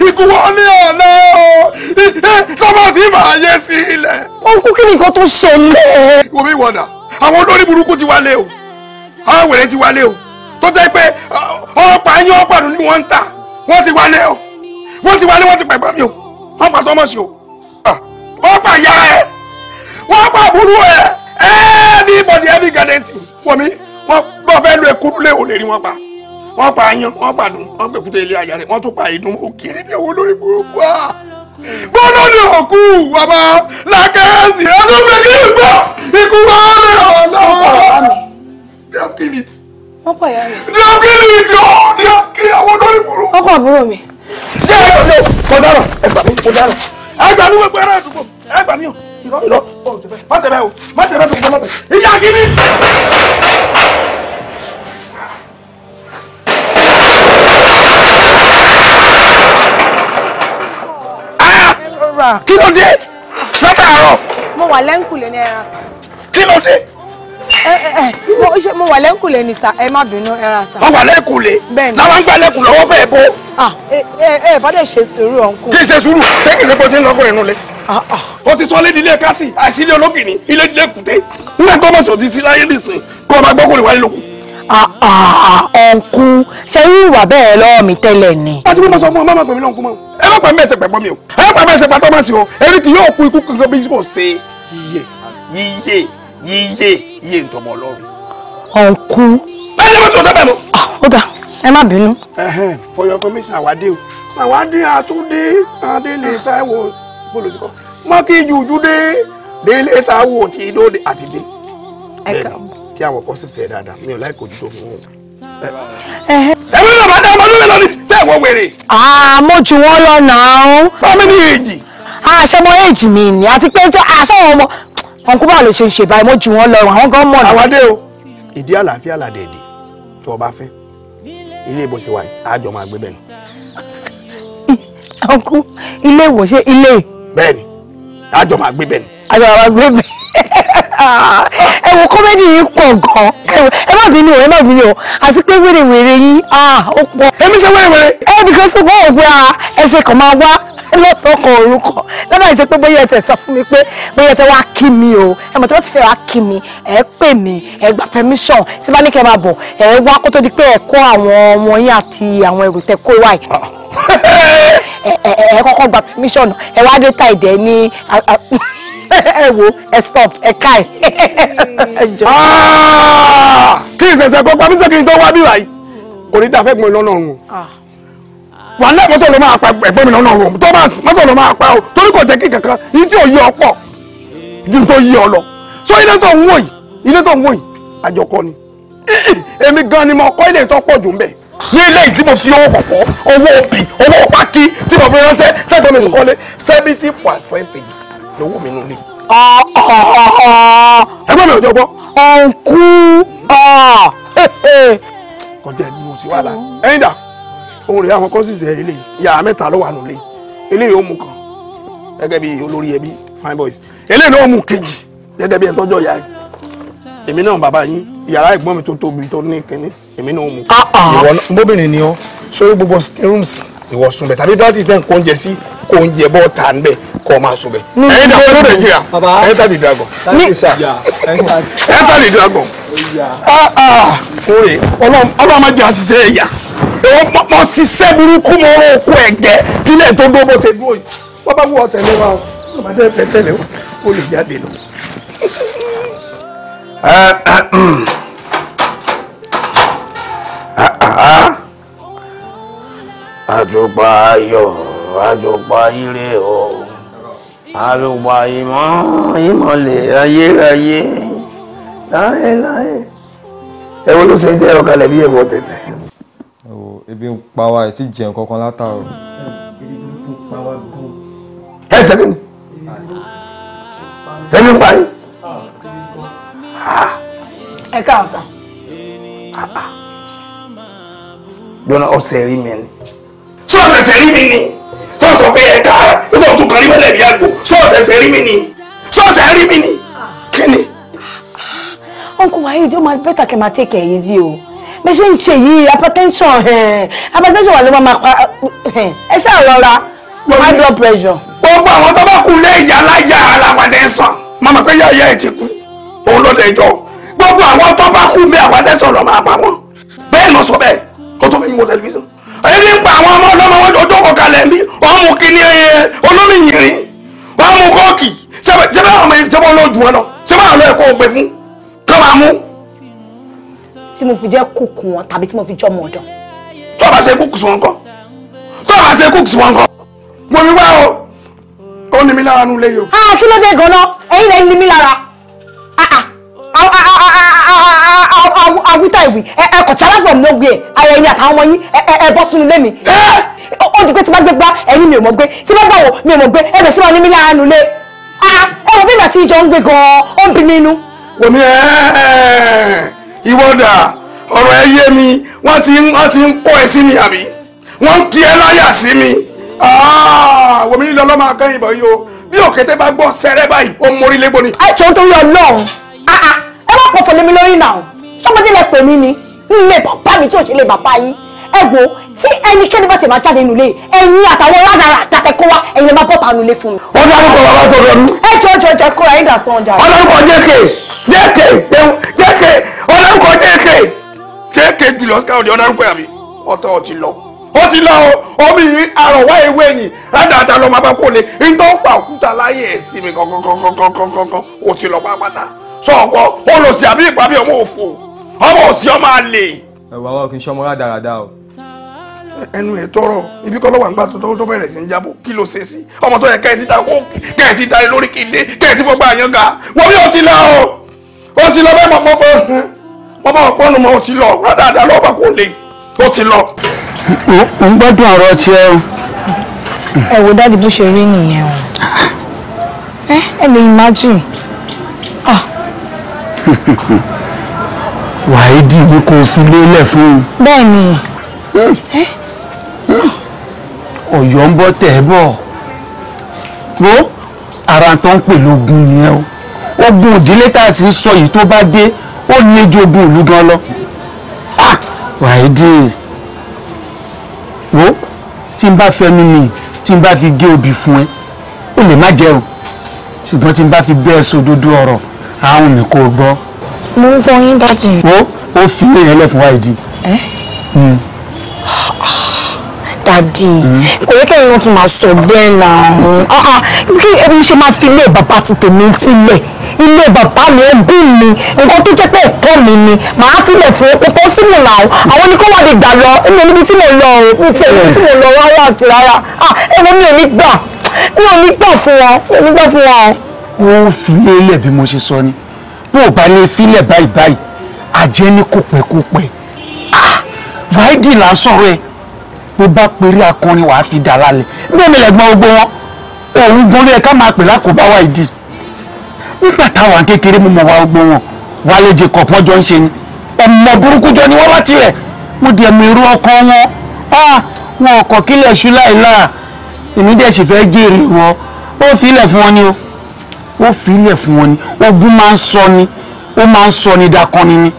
ikú wọn ní ọ̀nà o tọ́mọ̀ sí máa yé sí ilẹ̀. ọkú kí ni nǹkan tó ṣẹlẹ̀. wo mi wọ̀dà àwọn olórí burúkú ti wálé o àwọn wèrè ti wálé o tó jẹ́ pé ọ̀pá yín ọ̀pá ló ní wọ́n ń tà wọ́n ti wálé o wọ́n ti wálé wọ́n ti pẹ̀gbọ́n mi o wọ́n tọ́mọ̀ sí o ah, ọ̀pá ìyá ẹ wọ́n pa àbúrò ẹ ẹ ní bọ̀dì ẹ ní gàdẹ́ntì wọ̀mí wọ́n bá fẹ́ lu ẹ̀kúrú lé òlè rí wọn pa wọ́n pa ayan wọ́n pa dùn wọ́n gbẹ̀kúta ilé aya rẹ̀ wọ́n tún pa ìdùn òkèrè bí owó lórí burúkú ah! wa. bọ́lá ni òkú bàbá làkẹ́yẹsì ẹ̀dùn gbẹ̀gẹ́ ìgbọ́ ikú wa lè hàn náà. wọ́n pa ìyá mi. wọ́n pa ìyá mi. wọ́n pa ìyá mi. wọ́n pa ìyá mi. wọ́n pa àbúrò mi. ṣé ẹ gbàgbé kò dára ẹ gbà mí kò dára ẹ gbà mí gbogbo ẹrẹ àdúgbò ẹ gbà mí o ìrọ ìrọ ọ̀ bá. kí ló dé látàárọ̀. mo wà lẹ́ńkùlé ní ẹran sà. kí ló dé. ẹ ẹ ẹ mo wà lẹ́ńkùlé ní sà ẹ má bínú ẹran sà. wọ́n wà lẹ́ńkùlé. bẹ́ẹ̀ni làwọn ń gbà lẹ́kùn lọ́wọ́ fẹ́ bó. ẹ ẹ bá dẹ̀ ṣe sùúrù ọ̀nkù. kí n ṣe sùúrù ṣé kì í ṣe pé o ti ń lọkùnrin nulẹ̀. o ti sọ lé ní ilé kátì àti ilé olókìní ilé ilé kùté nígbà tó mọ̀ sòdì sí láyé nìsín kó o máa gbọ́kùnrin wáyé lókun ọ̀nkú ṣe ń wà bẹ́ẹ̀ lọ́wọ́ mi tẹ́lẹ̀ ni. wọ́n ti mú mọ́ sọ fún ọ má má pè mí lọ́nkú mọ́ ẹ pa mẹsẹ pẹ gbọmi o ẹ pa mẹsẹ pàtó má sí o èmi kì yóò kú ikú kankan bí kò ṣe yíyé yíyé yíyé yíyé ntọmọ Ọlọ́run. ọ̀nkú. ẹ jẹ́ bó ti sọ sẹ́bẹ̀ mọ́. Ah, ó dà ẹ má bínú. ọyọ fún mi ṣàwádé o àwádé àtúndé adélé táìwò bólúsọ mọ́kì jùjú dé délé táìwò tí ìdó àti ẹ kà kí àwọn kan sì dáadáa mi ò láì kojú tó fún wọn ẹ̀mí náà bá dá ọmọ lórí lọ ni ṣé ìwọ wèrè. àmọ́ jù wọ́n lọ náà. bámi ní èjì. àṣẹmọ èjì mi ni àti pé àṣọ àwọn ọmọ ọ̀nkú bá lè ṣe ṣe báyìí mo jù wọ́n lọ àwọn gan mọ̀ náà. àwàdé o ìdí àlàáfíà làdẹ̀ẹ̀dẹ̀ tó o bá fẹ́ ilé ìbò ṣe wà àjọ máa gbé bẹ́ẹ̀ ni. ọ̀nkú ilé ìwòsàn ilé. bẹ́ẹ̀ àjọ máa gbé bẹ́ẹ̀ àti bàbá gbé mi ẹ wo kọ́mẹ́dì yìí pọ̀ gan ẹ má bínú ẹ má bínú àti pé wèrè yìí ah, ó pọ̀. èmi ṣe wẹ́rẹ̀wẹ̀rẹ̀. ẹ bìkan sọ pé òògùn ẹ máa wá lọ́sàn-án kan orúkọ lọ́dọ̀ àìsí pé bóyá ẹ̀tẹ̀ sọ fún mi pé bóyá ẹ̀tẹ̀ wá kí mi o ẹ mọ̀ tí wọ́n ti fẹ́ wá kí mi ẹ pè mí ẹ gba permission tí bá ní kẹ́ máa bọ̀ ẹ wá kó tó di pé ẹ kó àwọn ọmọ yín àti àwọn ẹrù tẹ kó wáyé ah. ẹ kọ́kọ́ gba permission ẹ wá dé ta ìdẹ ní ẹ wo ẹ stop ẹ ká ẹ. Ah! kí n ṣẹ̀ṣẹ̀ kó pàmísẹ́ kí n tó wá bí wáyé kò ní dáa fẹ́ gbọ́n lọ́nà ọ̀run. Ah wàhálà mọ́tò ló máa pa ẹ̀gbọ́n mi lọ́nà òun Thomas mọ́tò ló máa pa o torí kò jẹ́ kí kankan yìí tí ò yí ọ pọ̀ ju tó yí ọ lọ so ilé tó ń wò yìí ilé tó ń wò yìí àjọkọ ni èmi gan ni mo kọ́ ilé tó pọ̀ jù ń bẹ̀ ní ilé yìí tí mo fi owó pọ̀pọ̀ owó òbí owó pákí tí mo fi ránṣẹ́ tẹ́tọ́ mi kọ́lé seventy percent lówó mi nù ní. ẹgbẹ́ mi ò jọ gbọ́. ọ̀nkú kọjá ẹni mo sì wà òun rèé àwọn kọ́sìsì ẹ̀rí lè yàrá mẹ́ta ló wà nílé eléyìí ó mú kan gẹ́gẹ́ bí olórí ẹbí fine boys eléyìí ló mú kejì gẹ́gẹ́ bí ẹ̀tọ́jọ́ ìyá yìí èmi náà bàbá yín yàrá ẹ̀gbọ́n mi tó tóbi tó ní kínní èmi náà mú. Ah, ah. ìwọ bóbìnrin ni ọ sórí gbogbo rooms ìwọ sùn bẹ tàbí dọ́tí tẹ̀ ń kó oúnjẹ sí kó oúnjẹ bọ́ ta ń bẹ kọ́ máa sùn bẹ. ẹyin dàgbọ́ ló dẹ̀ yíra ẹyin tàbí dragon. ní ẹyin tàbí dragon. ọlọ́run ọlọ́run máa jẹ́ àṣìṣe ẹ̀yà mo mo ṣiṣẹ́ burúkú mo rò okú ẹ̀gẹ́ kílẹ̀ tó dó bó ṣe dúró yìí wọ́n bá wúwọ́ tẹ̀lé wa o ọmọdé fẹ́ tẹ̀lé o ó lè jáde lọ. Hm. àtùpà ayọ̀ àtùpà ire o àtùpà ìmọ̀ ìmọ̀lẹ̀ ayérayé láéláé ẹ wo ló ṣe jẹ́ ọ̀kalẹ̀ bí ẹ̀wọ̀ tẹ̀tẹ̀ ebi ń pa wá ẹ̀ tí jẹun kankan látàrọ. ebi ń pa wá gan. ẹ ṣẹ́gun ni ebi ń pa yín. ẹ káàán sá. dọ́nà ọ̀sẹ̀ rí mi ni. sọ ọ̀sẹ̀ rí mi ni sọ sọ pé ẹ káàárọ̀ nígbà tó kàn rí mọ́lẹ̀ bí àgbò sọ ọ̀sẹ̀ rí mi ni sọ ọ̀sẹ̀ rí mi ni kí ni. uncle wayo jọ máa bẹ́tà kẹ́ máa tẹ̀kẹ̀ yìí sí bẹ́ẹ̀ ṣe ń ṣe yìí hypertension hypertension wà ló máa pa ẹ ṣáà rọra high blood pressure. gbogbo àwọn tó bá kú lé ìyá alájà alápàtẹ́sàn màmá pé yá ìyá ẹ̀ ti kú òun ló lẹ́jọ́ gbogbo àwọn tó bá kú bí àpàtẹ́sàn lọ máa pa wọn bẹ́ẹ̀ lọ sọ bẹ́ẹ̀ kó tó fi mú tẹlifíṣàn. ẹni ń pa àwọn ọmọ ọlọ́mọ wọn jọ jókòó kalẹ̀ bí wọ́n mú kíní olómi yìnrín wọ́n mú kọ́ọ̀kì sẹ́bẹ̀ àwọn ọmọ ìṣẹ́bọ̀ lọ́ọ́ jù wọn tí mo fi jẹ́ kùkù wọn tàbí tí mo fi jọmọ ọ̀dọ̀. tó o bá ṣe kùkù sí wọn kọ tó o bá ṣe kùkù sí wọn kọ wọ́n mi wá o ó ní mi lára nulẹ̀ yìí o. a kí ló dé gan-an ẹ̀yin rẹ̀ ń ní mi lára awúta ìwì ẹkọ̀ tí aláfọ̀ mi ló gbé ara ẹ̀yin àtàwọn ọmọ yín ẹ bọ́ sínú ilé mi. ó di pé tí bá gbé gbá ẹ̀yin mi ò mọ̀ gbé tí bá báwo mi ò mọ̀ gbé ẹ̀rẹ̀ sí wọn ní mi lára nulẹ̀ ọmọ bí màsí ìjọ ń gbé gan-an ó ń bí mi inú. wòmí ẹ ẹ ìwọ́dà ọ̀rọ̀ ẹ yé mi wọ́n ti wọ́n ti ń kọ́ ẹ sí mi àbí wọ́n ń pi ẹ láyà sí mi ah, wòmí nílò ọlọ́mọ akẹ́yìn ìbọn yìí o bí òkété bá gbọ́ sẹ́rẹ́ báyìí ó mórí légbó ni. ẹ jọ nítorí Ọlọ́run ah, ah, ẹ má pọfọ lèmi lórí náà sọmọdé lẹ pè mí ni nílé bàbá mi tí ò ṣe lè bàbá yín ẹ wò tí ẹnikẹ́ni bá ti máa jáde nulẹ̀ ẹ̀yin àtàwọn ládàrà àtàtẹ̀kọ́ wa ẹ̀yin lè máa bọ́ta nulẹ̀ fún mi. ó dárúkọ bàbá tó rọrùn. ẹ jọ jọ jọ kóra ẹ dà sọ ọjà. ọlọ́run kọ jẹ́kẹ̀ẹ́ jẹ́kẹ̀ẹ́ jẹ́kẹ̀ẹ́ ọlọ́nkọ jẹ́kẹ̀ jẹ́kẹ̀ jùlọ skáwọn ọ̀dẹ́ ọlọ́nkọ yàmi ọ̀tọ̀ ọ̀tí lọ ó ti lọ omi àrọ̀wá ewé yìí rádàdà lọ́mọ bá kó lé nítorí ó pa òkúta láyé ẹ̀sìn mi kankankankankankan ó ti lọ pápátá sọ ọ̀pọ̀ olùsí àbí ìpàbí ọmọ òfò ọmọ òsì ọmọ àlè. ẹ̀rù àwọn kì í ṣọmọ rádaràda o ẹnu ẹ tọrọ ibi kọ́ lọ́wọ́ àgbà tó tó bẹ̀rẹ̀ sí ń jábọ̀ kí ló ṣe sí ọmọ tó yẹ kẹ́ẹ̀tì dá kó kẹ́ẹ̀tì dá lórí kéde kẹ́ẹ̀tì fọgbà àyànga wọ́n bí ó ti lọ ó lọ bẹ́ẹ̀ mọ̀ mọ́ wọ́n bá wọn pọ́nù mọ́ ó ti lọ rádáadáa lọ́ọ́ bá kò lè ó ti lọ. mo ń gbádùn ọ̀rọ̀ tiẹ̀ o. ẹ wo dáàdi bó ṣe rí nìyẹn o ẹ ẹ lè imagine. wàhídì ni kò fi lélẹ̀ fún un. bẹ́ẹ̀ ni. ọ̀yọ́ ń bọ́ tẹ̀ ẹ́ bọ̀ wo ara tó ń pè lógun yẹn o ogun ìdílé tá a sì ń sọ yìí tó bá dé ó lé ju ogun ìlú gan lọ wàhídì wo tí n bá fẹnu mi tí n bá fi gé obì fún ẹ ó lè má jẹun ṣùgbọ́n tí n bá fi bẹ́ẹ̀ sódodo ọ̀rọ̀ àwọn mi kò gbọ́. mo ń gbọ́ yín dájú. wo ó fi èèyàn lẹ̀ fún wáìdì. dàdí kò yẹ kẹ́yìn wọn tún máa sọ bẹ́ẹ̀ náà ah, ah, kí ẹni ṣe máa fi ilé bàbá ti tèmi sílẹ̀ ilé bàbá mi ẹbí mi nǹkan tó jẹ́ pé ẹ̀tọ́ mi ni màá filẹ̀ fún oko tó sí mi làwọn àwọn ni kó wà lè gbà lọ èmi ò níbi tí mo lọ o mi ti èmi tí mo lọ rárá àti rárá ah èmi mi ò ní gbà mi ò ní gbà fún wọn mi ò ní gbà fún wọn. ó fi lélẹ̀ bí mo ṣe sọ ni bó o bá lè filẹ̀ báyìí báyìí àjẹ́ ní kò pẹ́ kò pẹ́ ah ráìdì là ń sọ̀rọ̀ ẹ̀ bó bá péré akọrin wàá fi dà lálẹ́ mímẹ́lẹ̀ gbọ́n gbogbo wọn òun gbọ́n lé ẹ ká máa pè lákòbáwá ìdí nígbà táwọn kékeré mú mọ wa gbogbo wọn wálé jacob wọn jọ ń ṣe ni ọmọ burúkú jọ ni wọn bá tilẹ̀ wọn di ẹ̀mí irú ọkọ wọn wọn ọkọ̀ kílẹ̀ ṣú láìláà èmi dẹ̀ sì fẹ́ jèrè wọn ó filẹ̀ fún wọn ni ó filẹ̀ fún wọn ni ogun máa ń sọ ni ó máa ń sọ ni dakọni ni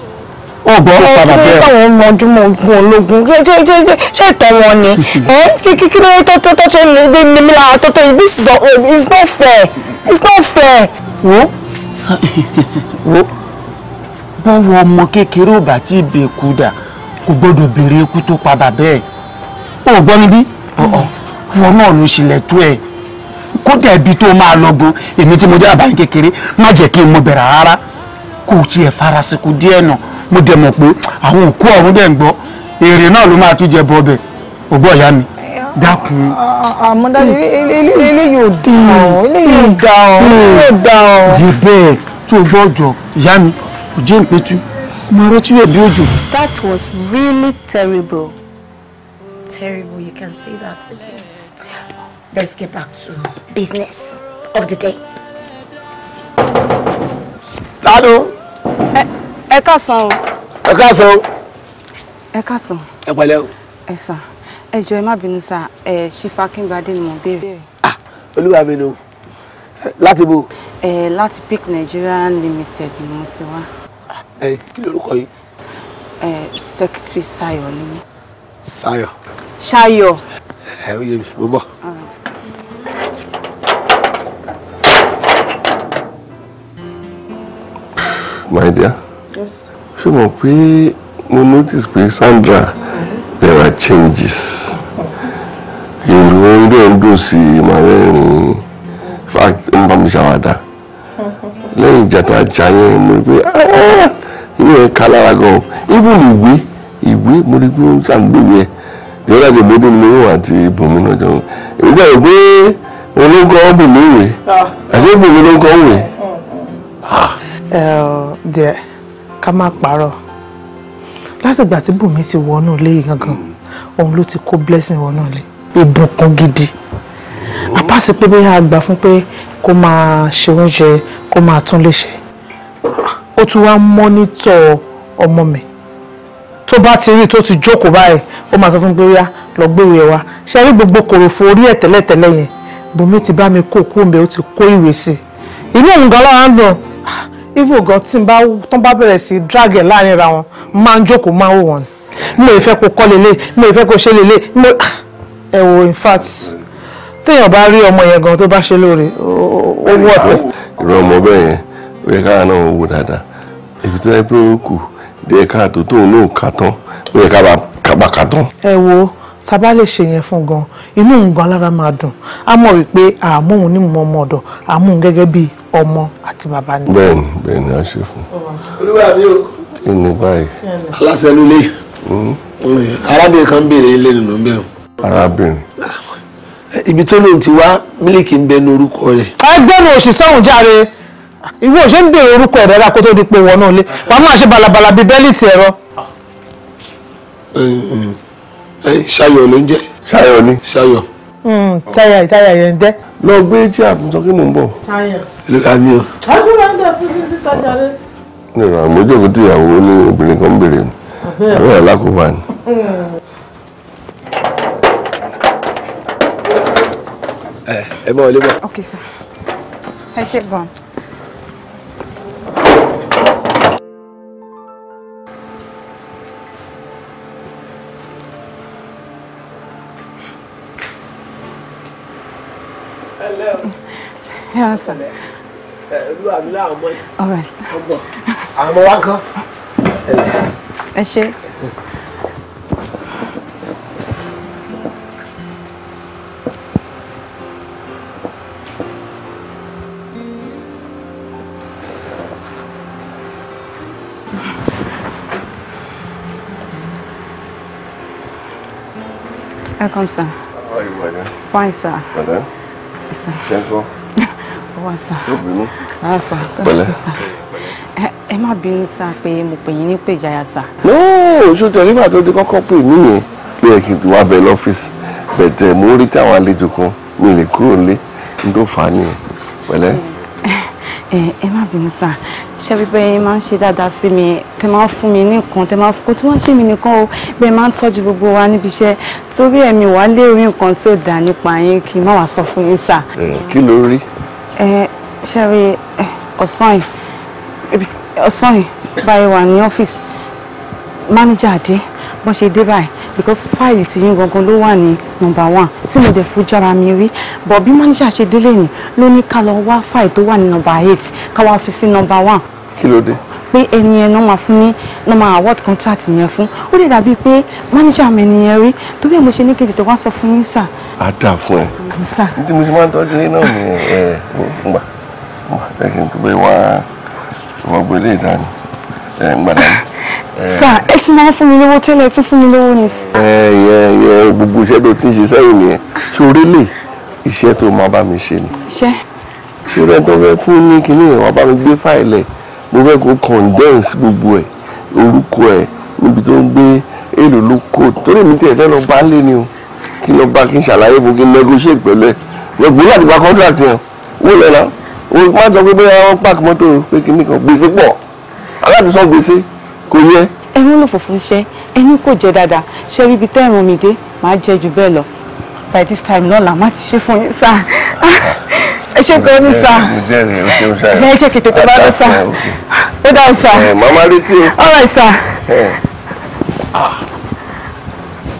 ó gbọ́ ó padà bẹ́ẹ̀. ọ̀rọ̀ àwọn ọmọdúnmọ̀ ogun ológun ṣé ṣé ṣé ṣé ìtọ́ wọn ni kí kí ló tó tó tó ṣe ní mi lára tó tó yìí this is not fair it's not fair wo wo bọ́wọ́ ọmọ kékeré ò bá tí ì bè kú dà kò gbọ́dọ̀ béèrè ikú tó pa bàbá ẹ̀ ò gbọ́ mi bí wọn náà ló ṣẹlẹ̀ tó ẹ̀ kódà ibi tó máa lọ gan èmi tí mo jẹ́ àbáyé kékeré má jẹ́ kí n mo bẹ̀rẹ̀ rárá kò tiẹ̀ farasíkú díẹ̀ náà mo dẹ̀ mọ̀ pé àwọn òkú ọ̀run dẹ̀ ń gbọ́ èrè náà ló máa tún jẹ bọ́ ọbẹ̀ ògbọ́ ìyá mi dákun. àmọ́dá eléyìí ò dá ọ̀ eléyìí ò dá ọ̀ eléyìí ò dá ọ̀. di bẹ́ẹ̀ tó gbọ́ ọjọ́ ìyá mi kò jẹ́ ìpẹ́tù mo rántí rẹ̀ bí òjò. that was really terrible. terrible you can say that again. let's get back to business of the day. tádùn. ẹ káàsán o. ẹ káàsán o. ẹ káàsán. ẹ pẹ̀lẹ́ o. ẹ sàn ẹ jọ̀ọ́ ẹ má bínú sá ẹ ṣífà kíngbadé ni mo béèrè. Ah, olúwa mi nù láti bo. ẹ láti pic nigeria limited ni mo ti wá. Ah, ẹ kí lorúkọ yìí. ẹ secretary sayo ni mi. sayo. sayo. ẹ ó yẹ mi mo bọ. my dear. yes. ṣé mo pé mo notice pé Sandra changes ìlú ilé ọdún sí ìmọ̀rẹ́rin fact ń bá mi ṣàwádà lẹ́yìn ìjàtà àjà yẹn mo rí pé ìwé ah, yẹn ká lára gan even ìwé ìwé mo rí pé ó ṣàǹgbéwé ẹ ìwé láti ìbòdì lówó àti ìbòmí náà jọ ìwé jáde pé olóńkọ bùnmí ìwé ah. àti ìbòmí olóńkọ ìwé. Ah. Eh, oh, díẹ̀ ká má parọ́ látìgbà tí bùnmi ti wọnú ilé yìí gangan òun ló ti kó blessing wọn náà lé ìbùkún gidi àpáṣe pé bóyá a gbà fún pé kó máa ṣe oúnjẹ kó máa tún lè ṣe ó tún wá mọ́nítọ̀ ọmọ mi tó bá ti rí tó ti jókòó báyìí ó máa sọ fún pé yá lọ gbéwèé ẹ wá ṣe rí gbogbo kòròfo orí ẹ̀ tẹ́lẹ̀tẹ́lẹ̀ yẹn bùnmi ti bá mi kó kú mi ó ti kó ìwé sí i inú òun gan dùn ivo ah, gan tí n bá tán bá bẹ̀rẹ̀ sí drag ẹ̀ láàrin ra wọn máa ń jókòó máa ń wò wọ́n ni mo ìfẹ́ kó kọ́ lélẹ̀ mo ìfẹ́ kó ṣe lélẹ̀ mo ah, ẹ wo in fact téèyàn bá rí ọmọ yẹn gan tó bá ṣe lóore ó wọ̀ tẹ̀. ìrọ̀ ọmọ bẹ́ẹ̀ yẹn ó yẹ káà náà wò dáadáa èyí tó yẹ pé ó kù díẹ̀ káàtó tóun náà kà tán ó yẹ ká bá kà tán. ẹ wo tàbá lè ṣe yẹn fún gan inú òun gan lára máa dùn á mọ̀ wípé àmóhun ní mọ ọmọ ọ̀dọ̀ àmóhun gẹ́gẹ́ bíi ọmọ àti bàbá ni. bẹ́ẹ̀ni bẹ́ẹ̀ni a ṣe fún. olúwa mi o. kí ni báyìí. aláṣẹ lulẹ̀. Hmm? arábìnrin kan béèrè ilé nínú bẹ́ẹ̀ o. arábìnrin. Ah, ibi tó lóun ti wá mílíkì ń bẹnu orúkọ rẹ̀. ẹgbẹ́nu òṣìṣẹ́ òun jáde ìwé òṣè ń béèrè orúkọ rẹ̀ rà kó tó di pé wọ́n náà lé wàá máa ṣe balabala bíi bẹ́líìtì ẹ̀rọ. Eh, eh, ṣayọ̀ ló ń jẹ́. ṣayọ̀ ni. ṣayọ̀. Hmm, táyà ìtáyà yẹn ń dẹ́. lọ gbé tí àfúnṣọ kí mò ń bọ̀. táyà. èlò ká ní o. àbúrò ń dà sí ibi títa jáde. ní ìrànlọ́jọ́ kò tíyàwó ní obìnrin kan ń mu wọ́n lákòóbá ni. ẹ mọ ilé bọ. ok sir ẹ ṣe gan. Yes, sir. Olúwa mi láwọn ọmọ yìí. All right. Ọgbọ̀n. Àwọn ọmọ wa Achei. comme ça. Ah oui, voilà. Point ça. Isso. Ça. Tiens, quoi? Point ça. Ah, ça. Voilà. ça. ẹ má bínú sá pé mo pè yín ní pè jáyà sá. nóò oṣù tẹ nígbà tó ti kọ́kọ́ pè mí yẹn ló yẹ kí n ti wá bẹ lọ́fíìsì bẹ̀tẹ̀ eh, mo rí táwọn àlejò kan mi lè kúrò lé n tó fà á nìyẹn pẹ̀lẹ́. ẹ má bínú sá ṣé wípé ẹ máa ń ṣe dáadáa sí mi tẹ máa ń fún mi ní nǹkan tẹ máa ń kó tí wọ́n ń ṣe mí nìkan o bẹ́ẹ̀ máa ń tọ́jú gbogbo wa níbi iṣẹ́ torí ẹ̀mí wàá lé orí nǹkan tí ò dáa nípa yín kí n má wàá sọ fún yín sá. Eh, kí ló rí. ẹ rí ọ̀sán yìí Eh, sorry, yìí báyìí wà ní ọ́fíìsì mánéjà dé bó ṣe dé báyìí because fáìlì ti yín gangan ló wà ní nọ́mbà one tí mo dẹ̀ fojú ara mi rí bọ̀ bí mánéjà ṣe délé ni ló ní ká lọ wá fáìlì tó wà ní nọ́mbà eight ká wá fi sí nọ́mbà one. kí ló dé. pé ẹni yẹn náà máa fún ní náà máa award contract yẹn fún ó lè dàbí pé mánéjà mi ni yẹn rí torí ẹ mo ṣe ní kí n tètè wá sọ fún yín sà. a dà fún ẹ. sà. ní tí mo ṣe máa ń tọ́jú yín náà nìyẹn ẹ ẹ gbà gbà ẹ kí n tó bẹ wá wọ́n gbé lé ìdáni ẹ̀ ń gbàdá. Ah, sà ẹ ti máa ń fún mi lówó tẹ́lẹ̀ tún fún mi lówó ni. ẹ yẹ yẹ gbogbo iṣẹ́ tó ti ń ṣe sẹ́yìn nìyẹn ṣorí lè iṣẹ́ tó máa bá mi ṣe ni. iṣẹ́. ṣorí ẹ tó fẹ́ fún ní kinní yẹn wọ́n bá mi gbé fáìlẹ̀ mo fẹ́ kó condense gbogbo ẹ̀ orúkọ ẹ̀ níbi tó ń gbé èlò ló kó torí mi tẹ̀ lọ bá lé ni o kí lọ bá kí n ṣàlàyé fún kí n negotiate pẹ̀lú ẹ̀ lọ gbé láti gba contract yẹn wọ́n lẹ́la o má jọ pé bóyá wọ́n pààkì mọ́tò pé kìíní kan gbèsè pọ̀ aláàtì sọ gbèsè kò yẹ. ẹnu ló fòfin ṣe ẹnu kò jẹ dáadáa ṣe rí ibi tẹ́ ẹ̀rùn mi dé màá jẹ jù bẹ́ẹ̀ lọ by this time lọ́la má ti ṣe fún yín sáà ẹ ṣe kọ́ ní sáà ní ẹ jẹ́ kí tètè bá lọ sáà ó dáhùn sáà màmá retí o all right sáà.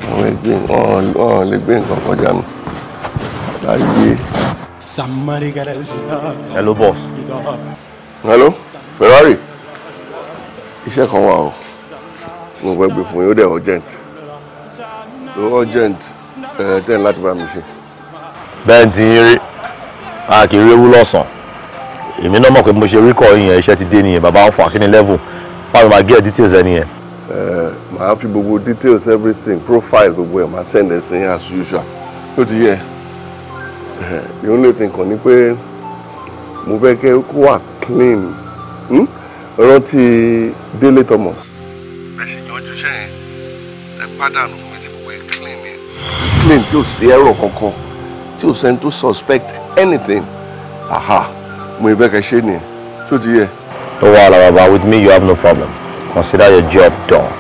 wọ́n lè gbé nǹkan kọjá mi láyé hello boss hello Ferrari iṣẹ́ kan wà o mo fẹ́ gbé fún yín ó dẹ̀ urgent ó urgent ẹ̀ tẹ́ láti bá mi ṣe. bẹ́ẹ̀ ti ń rí a kì í réwú lọ́sàn-án èmi náà mọ̀ pé mo ṣe rí kọ́ yìnyẹn iṣẹ́ ti dé nìyẹn bàbá ń fún akíní level báwo máa gé details ẹ nìyẹn. ẹ màá fi gbogbo details everything profile gbogbo ẹ màá send ẹ sí as usual ó ti yẹ. Yeah the only thing kan ni pé mo fẹ́ kẹ́ kó wà clean hmm? rántí Délé Thomas. ẹ ṣe yanjú sẹ́yìn ẹ pàdánù mi ti wẹ̀ clean ni. clean tí ò sí ẹ̀rọ kankan tí ò sẹ́ni tó suspect anything aha mo ìfẹ́ kẹ́ ṣe nìyẹn tó ti yẹ. don't worry baba with me you have no problem consider your job done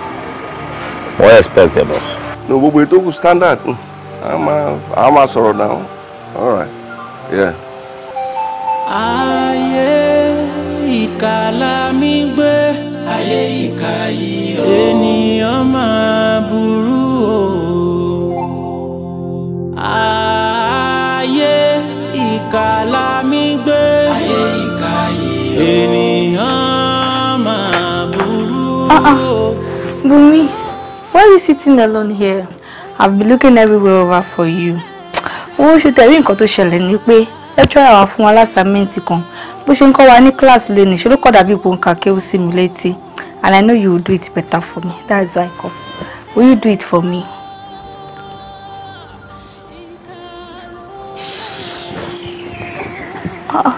more expect ẹ boss. no gbogbo ètò kù standard hmm. a máa sọ̀rọ̀ náà all right yeah. ayé ìkà mi gbé ayé ìkà yìí o ènìyàn máa burú o ayé ìkà mi gbé ayé ìkà yìí o ènìyàn máa burú o. Ah, ah. Bumi, why are you sitting alone here? I've been looking everywhere over for you owó oṣù tẹ̀rí nǹkan tó ṣẹlẹ̀ ni pé lẹ́tọ́rà wa fún wa lásàmẹ́ǹtì kan bó ṣe ń kọ́ wa ní kíláàsì lè nìṣó ló kọ̀dà bí gbòǹkà kéwú sí mi létí and I know you will do it better for me that is why I come will you do it for me. Ah.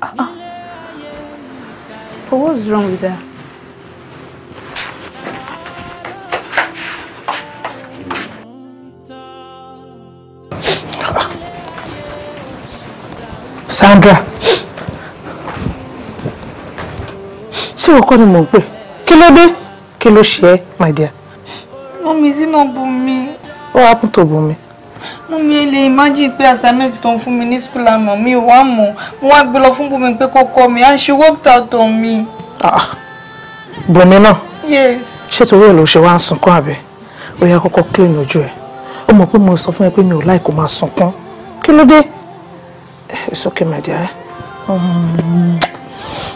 Ah. ah. But what's wrong with that? Sandra ṣé ìwọ kọ́ ni mò ń pè kí ló dé kí ló ṣe ẹ́ my dear. mọ́mí sínú Bùnmi. ó wá pùtò Bùnmi. mọ́mí ẹ lè imagine pé assignment tó ń fún mi ní school àná mi ò wá mọ̀ mo wá gbé lọ fún Bùnmi pé kọ́kọ́ mi and she worked out on me. Ah, Bùnmi náà. yes. ṣé torí ẹ̀ ló ṣe wá ń sunkún àbẹ̀ ó yẹ kọ́kọ́ clean ojú ẹ̀ ó mọ̀ pé mo sọ fún ẹ pé mi ò láì kó máa sunkún kí ló dé it's okay my dear eh? um,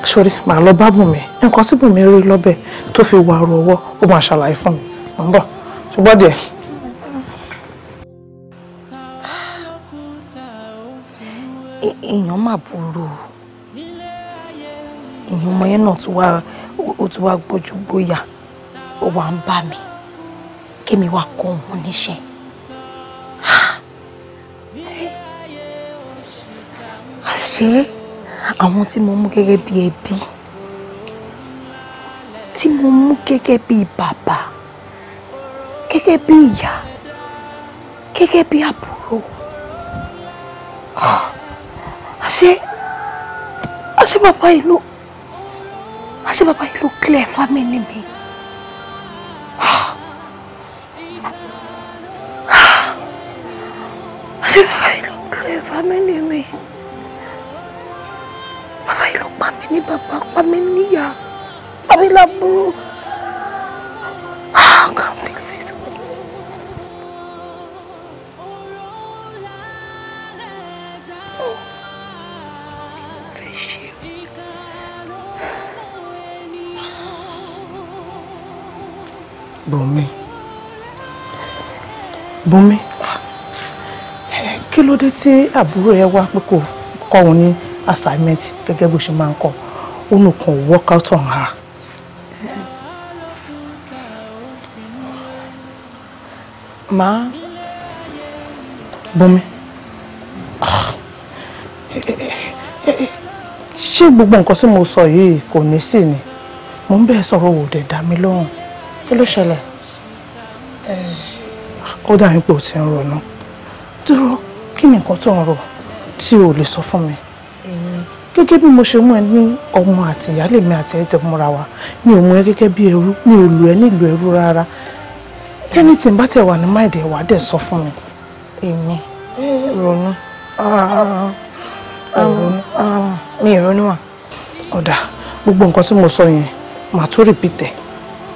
sori màá lọ bá bùnmi nǹkan tí bùnmi rí lọ́bẹ̀ tó fi wà ọ̀rọ̀ ọwọ́ ó máa ṣàlàyé fún mi mò ń bọ̀ ṣùgbọ́n díẹ̀. èèyàn mà burú èèyàn ọmọ yẹn náà tún wá ó tún wá gbójú gbóyà ó wà ń bà mí kémi wá kó òun níṣẹ́. ṣe àwọn tí mo mú gẹ́gẹ́ bí ẹbí tí mo mú gẹ́gẹ́ bí bàbá gẹ́gẹ́ bí ìyá gẹ́gẹ́ bí àbúrò àṣé àṣé bàbá ìlú àṣé bàbá ìlú clear family mi. àṣé bàbá ìlú clear family mi. bàbá pa mí níyà pa mí lábúrò. Ah, I can't believe it. Bùnmi Bùnmi kí ló dé tí àbúrò ẹ wá pé kò kọ́ òun ní assignment gẹ́gẹ́ bó ṣe máa ń kọ́ Unu can work out on her. Ma. Bọ́mi. Ṣé gbogbo nǹkan tí mo sọ yìí kò ní sí ni? Mo ń bẹ́ẹ̀ sọ̀rọ̀ òwò dẹ̀ dá mi lóhùn. Kí ló ṣẹlẹ̀? Ó dà ní pé o ti ń ronú. Dúró kí ni nǹkan tó ń o lè sọ fún mi? gẹ́gẹ́ bí mo ṣe mú ẹ ní ọmọ àtìyá lèmi àti ẹ̀jọ̀ múra wa mi ò mú ẹ gẹ́gẹ́ bí ẹrú mi ò lù ẹ nílùú ẹrú rárá tẹ́ni tí n bá tẹ̀ wà ní máìdì ẹ̀wà dẹ̀ sọ fún mi. èmi ronú ah, ah, ah, mi ronú wa. ọ̀dà gbogbo nǹkan tí mo sọ yẹn màá tó rìpìtẹ̀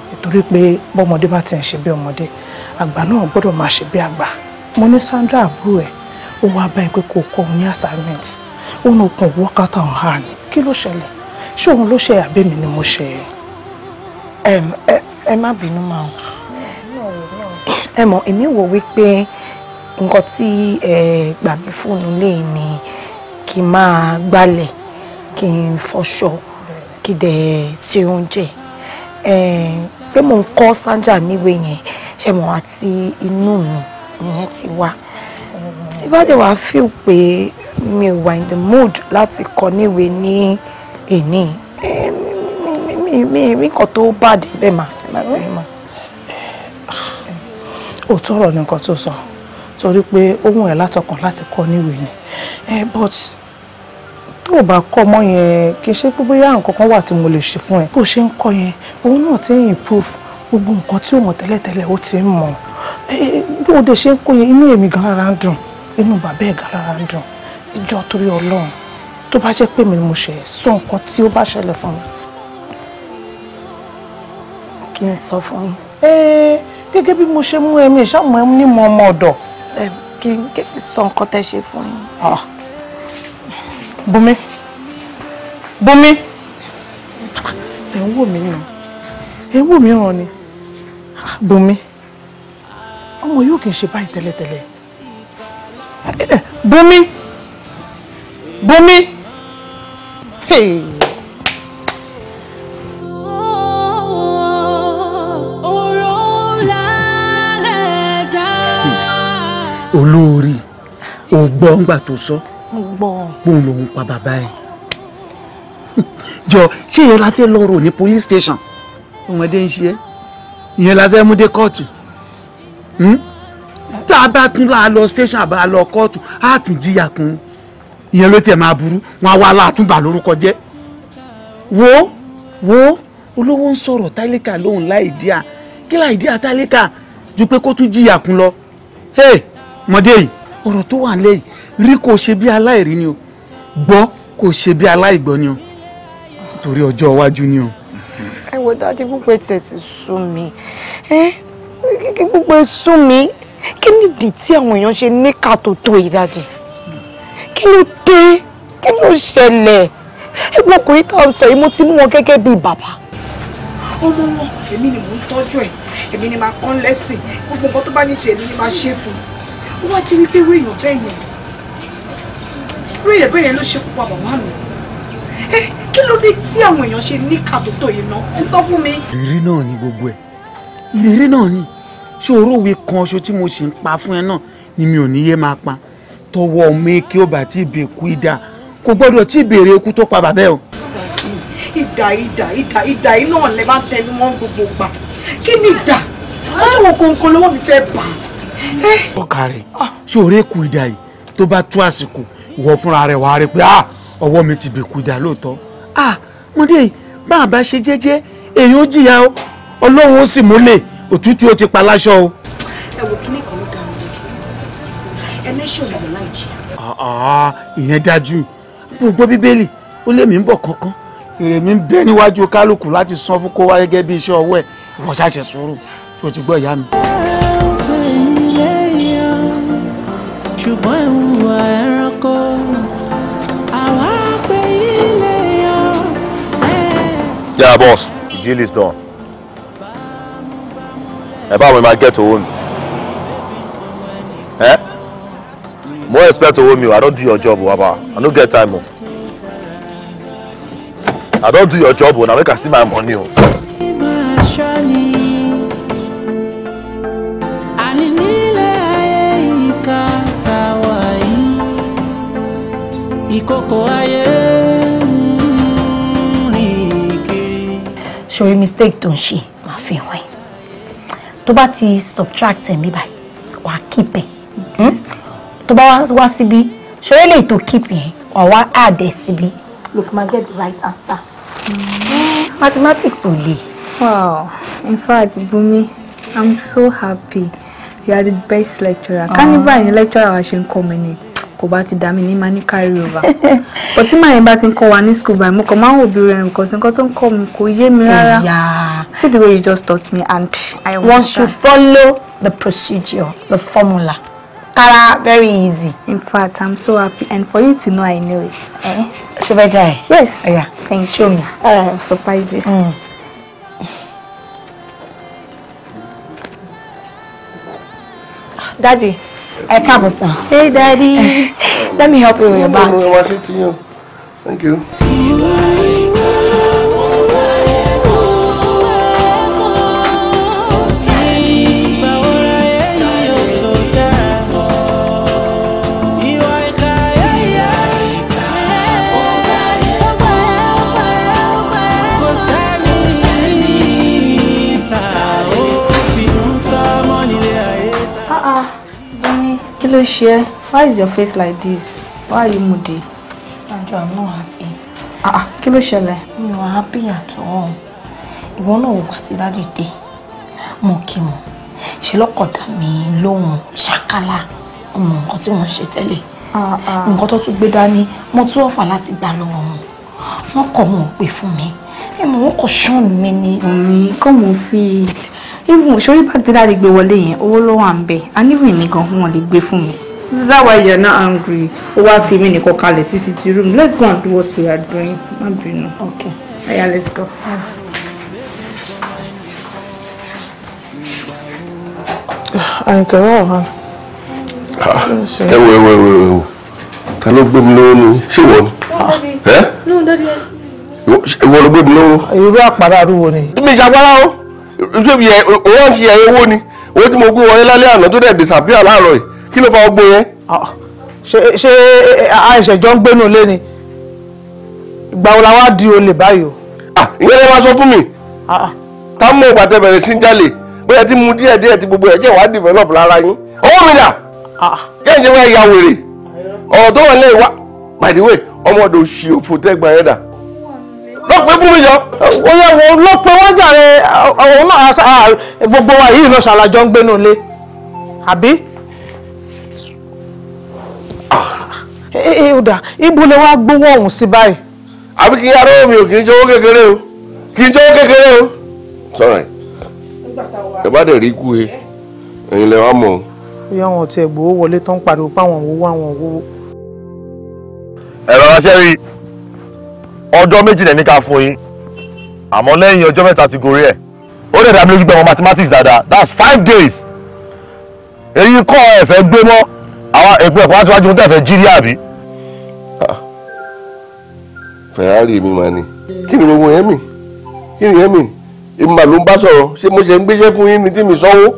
nítorí pé bọ́mọdé bá ti ń ṣe bí ọmọdé àgbà náà gbọ́dọ̀ máa ṣe bí àgbà mo ní Sandra àbúrò ẹ̀ ó wá báyìí pé kò kọ́ ọ ní assignment òun ò kàn wọ́ kátà ọ̀hún hà ní kí ló ṣẹlẹ̀ ṣé òun ló ṣe àbẹ̀mí ni mo ṣe ẹ ẹ má bínú máa ẹ mọ̀ èmi wò wípé nǹkan tí ẹ gbà mí fóònù lè ní kí n máa gbálẹ̀ kí n fọṣọ kí dẹ̀ ṣe oúnjẹ pé mò ń kọ́ sájà níwèé yẹn ṣe mọ̀ àti inú mi nìyẹn ti wá tí bá dẹ̀ wá fíl pé mi ò wà in the mood láti kọ níwe ní èní mi rí nǹkan tó bad bẹ́ẹ̀ mà bẹ́ẹ̀ mà. òótọ́ ọ̀rọ̀ ni nǹkan tó sọ torí pé ohun ẹ̀ látọkàn láti kọ níwe ni but tó o bá kọ́ ọmọ yẹn kì í ṣe pé bóyá nǹkan kan wà tí mo lè ṣe fún ẹ bó ṣe ń kọ́ yẹn òun náà ti ń improve gbogbo nǹkan tí òun tẹ́lẹ̀tẹ́lẹ̀ ó ti ń mọ̀ bí o dé ṣe ń kó yẹn inú èmi gan lára ń dùn inú bàbá ẹ̀ gan lára ń dùn ìjọ torí ọlọ́run tó bá jẹ́ pé mi ni mo ṣe sọ nǹkan tí ó bá ṣẹlẹ̀ fún mi. kí n sọ fún yín. ee gẹ́gẹ́ bí mo ṣe mú ẹmí ìṣàmú ẹmú ní mo ọmọ ọ̀dọ̀. ẹ kí n sọ nǹkan tẹ́ ṣe fún yín. bùnmi Bumi. ẹ̀ ń wò mí nù ẹ̀ ń wò mí ràn ni bùnmi ọmọ yóò kì í ṣe báyìí tẹ́lẹ̀tẹ́lẹ̀ bùnmi. Bùnmi. Hey. olórí ò gbọ́ ńgbà tó sọ bóun lòun pa bàbá ẹ̀ jọ ṣé ìyẹn la fẹ́ lọ rò ní police station ọmọdé ń ṣe ìyẹn la fẹ́ mú dé kóòtù hmm? tá a bá tún la lọ station àbá lọ kóòtù á tún jìyà kún un ìyẹn ló tiẹ̀ máa burú wọn á aláàtúbà lórúkọ jẹ́ wo wo olówó ń sọ̀rọ̀ tálákà lóhùn láìdíà kí láìdíà tálákà ju pé kó tún jìyà kún lọ mọ̀dé yìí ọ̀rọ̀ tó wà lẹ́yìn rí kò ṣe bí aláìrí ni o gbọ́ kò ṣe bí aláìgbọ́ ni o torí ọjọ́ iwájú ni o. ẹ wo dájú gbogbo ẹsẹ̀ ti sún mi gbogbo ẹ sún mi kí nìdí tí àwọn èèyàn ṣe níkà tó tó yìí kí ló dé kí ló ṣẹlẹ̀ ẹ̀gbọ́n ọkùnrin tá à ń sọ yìí mo ti mú wọn gẹ́gẹ́ bíi bàbá. ọmọ wọn èmi ni mò ń tọ́jú ẹ̀ èmi ni màá kọ́ lẹ́sìn gbogbo nǹkan tó bá ní ṣe èmi ni màá ṣe fún un ó wá jẹ́ wípé wé èèyàn bẹ́ẹ̀ yẹn rí èèyàn bẹ́ẹ̀ yẹn ló ṣekú pa bàbá mi ẹ kí ló dé tí àwọn èèyàn ṣe ní kàtótó yìí ná ẹ sọ fún mi. ìrírí náà ni gbogbo ẹ ìrírí náà ni ṣòro òwe kan ṣo tí mo sì ń pa fún ẹ náà ni mi ò ní yé máa pa tọwọ́ mi kí ó bá ti bè kú ìdá kò gbọ́dọ̀ tí béèrè ikú tó pa bàbá ẹ̀ o. ìdà ìdà ìdà ìdà iná ọ̀lẹ́ máa tẹnu mọ́ gbogbo gbà kí ni ìdà ọjọ́ wo kòńkò lọ́wọ́ mi fẹ́ bà á. ọkà rẹ ṣé òré kù ìdà yìí tó bá tú àsìkò ìwọ fúnra rẹ wàá rí pé ah, ọwọ́ mi ti bè kú ìdà lóòótọ́ ah, mọdé bá a bá ṣe jẹ́jẹ́ èèyàn ó jìyà o ọlọ́run ó sì múlẹ̀ òtútù ó ti pa láṣọ o. ẹ wo kíní kan ló dá mi lójú ẹlẹ́ṣọ̀ ìyọ̀lá Ah, ìyẹn dájú gbogbo bíbélì ó lé mi ń bọ̀ kankan èrè mi ń bẹ níwájú kálukú láti san fún kó wá gẹ́gẹ́ bí iṣẹ́ ọwọ́ ẹ̀ ìwọ ṣàṣẹ sùúrù ṣé o ti gbọ́ ìyá mi. ṣùgbọ́n ìwà ẹranko Yeah, boss. deal is done. ẹ bá wọn máa get owó mi. Eh? More expect to mi o, I don do your job o, Baba. I no get time o. I don do your job o, na make I see my money o. ìkòkò ayé mistake tó ń ṣe máa fi hàn ẹ́ tó bá ti subtract ẹ̀ mi báyìí wàá keep ẹ̀ tó bá wá síbí ṣeré lè tó keep yẹn wà wá àdẹ síbí ló fi máa get the right answer. Mm. mathematics ò le. wow in fact Bumi i'm so happy you are the best lecturer ah. kánibà yẹn lecturer wa ṣe ń kọ́ mi ni kò bá ti dà mí ní máa ní carry over but tí màá yẹn bá ti ń kọ́ wa ní school báyìí mo kàn máa ń wò bí rẹ̀ nǹkan sí nǹkan tó ń kọ́ mi kò yé mi rárá see the way you just taught me and i understand. once you follow the procedure the formula Akara, very easy. In fact, I'm so happy. And for you to know, I know it. Eh? Should I try? Yes. Oh, yeah. Thank Show you. Show me. All surprise you. Mm. Daddy, ẹ káàbọ̀ sàn. Hey, Daddy. Let me help you with your bag. Thank you. ló share, why is your face like this why are you moody. Sandra i'm not happy. ah, ah Kilo ló ṣẹlẹ̀. mi wà happy at all You won't know pàtí dájú dé mo kí mo ṣe lọ́kọ̀dá mi lóhùn ṣákálá ọmọ nǹkan tí wọ́n ṣe tẹ́lẹ̀ ah, ah. nǹkan Ah tún gbé dání mo tún ọ̀fà láti gbà lọ́wọ́ wọn wọ́n kọ̀ wọn ò pè fún mi ẹ̀ mọ̀ wọ́n kọ̀ ṣọ́ọ̀nù mi ni. ọ̀rìn kọ́ mo even òṣèré bàtí dáadé gbé wọlé yẹn owó ló wà ń and even èmi gan wọn lè gbé fún mi. is that why you're not angry ó wá fi mí nìkan kalẹ̀ sí city room let's go and do what we are doing má bínú. okay. aya let's go. àyìnkẹ́ wà wà. ẹ wo ah, ẹ wo ẹ wo ẹ wo ta ló gbé mi lọ́wọ́ ni ṣé wọ́n ẹ ìwọ ló gbé mi lọ́wọ́. irú àpárá arúgbó ni. ibi ìjàgbára o wọ́n ṣe ẹ̀yẹ owó ni owó tí mo gbé wọlé lálẹ́ àná tó dẹ̀ disappear láàárọ̀ yìí kí ló fa ọgbó yẹn. Ah, ṣé àìṣẹ̀jọ́ ń gbénu lé ni ìgbà wo la wá di olè báyìí o. Ah, ìyẹn lè máa sọ fún mi ká ah, mú ìgbà tẹ bẹ̀rẹ̀ sí ń jalè bóyá tí mu díẹ̀ díẹ̀ tí gbogbo ẹ̀jẹ̀ wàá develop lára yín owó mi dà kẹ́hìn jẹ́ wọ́n ẹ̀yà wèrè ọ̀rọ̀ tó wà lẹ́yìn by the way ọmọdé òṣì òfò tẹ́gbà yẹn dà lọ́pẹ́ fún mi jọ. ó yẹ wo lọ́pẹ́ wọ́n jàre òun náà gbogbo wa yìí lọ ṣàlàjọ ń gbénu lé àbí. ìdà ah, ibo lè wá gbowó ọ̀hún sí báyìí. àbí kí ará mi ò kì í jọ̀wọ́ kékeré o kì í jọ̀wọ́ kékeré o. sọ̀rọ̀ ẹ̀ bá dẹ̀ rí ikú he ẹ̀yin lè wá mọ̀ o. bóyá àwọn ọ̀tí ẹ̀gbọ́n wọlé tán pariwo pé àwọn òwò àwọn òwò. ẹ̀rọ aṣẹ́rin ọjọ́ méjì lẹ́ni ká fún yín àmọ́ lẹ́yìn ọjọ́ mẹ́ta ti gorí ẹ̀ ó dẹ̀ dá mi lójú pé ọmọ mathematics dáadáa that's five days èyí kọ́ ẹ fẹ́ gbé mọ́ àwọn èpè ẹ̀kọ́ àti wájú tẹ̀ fẹ́ jírí àbí. Ah. Ferrari mi máa ni kí ni gbogbo yẹn mi kí ni yẹn mi ìmọ̀ ló ń bá sọ̀rọ̀ ṣé mo ṣe ń gbéṣẹ́ fún yín ni tí mi sanwó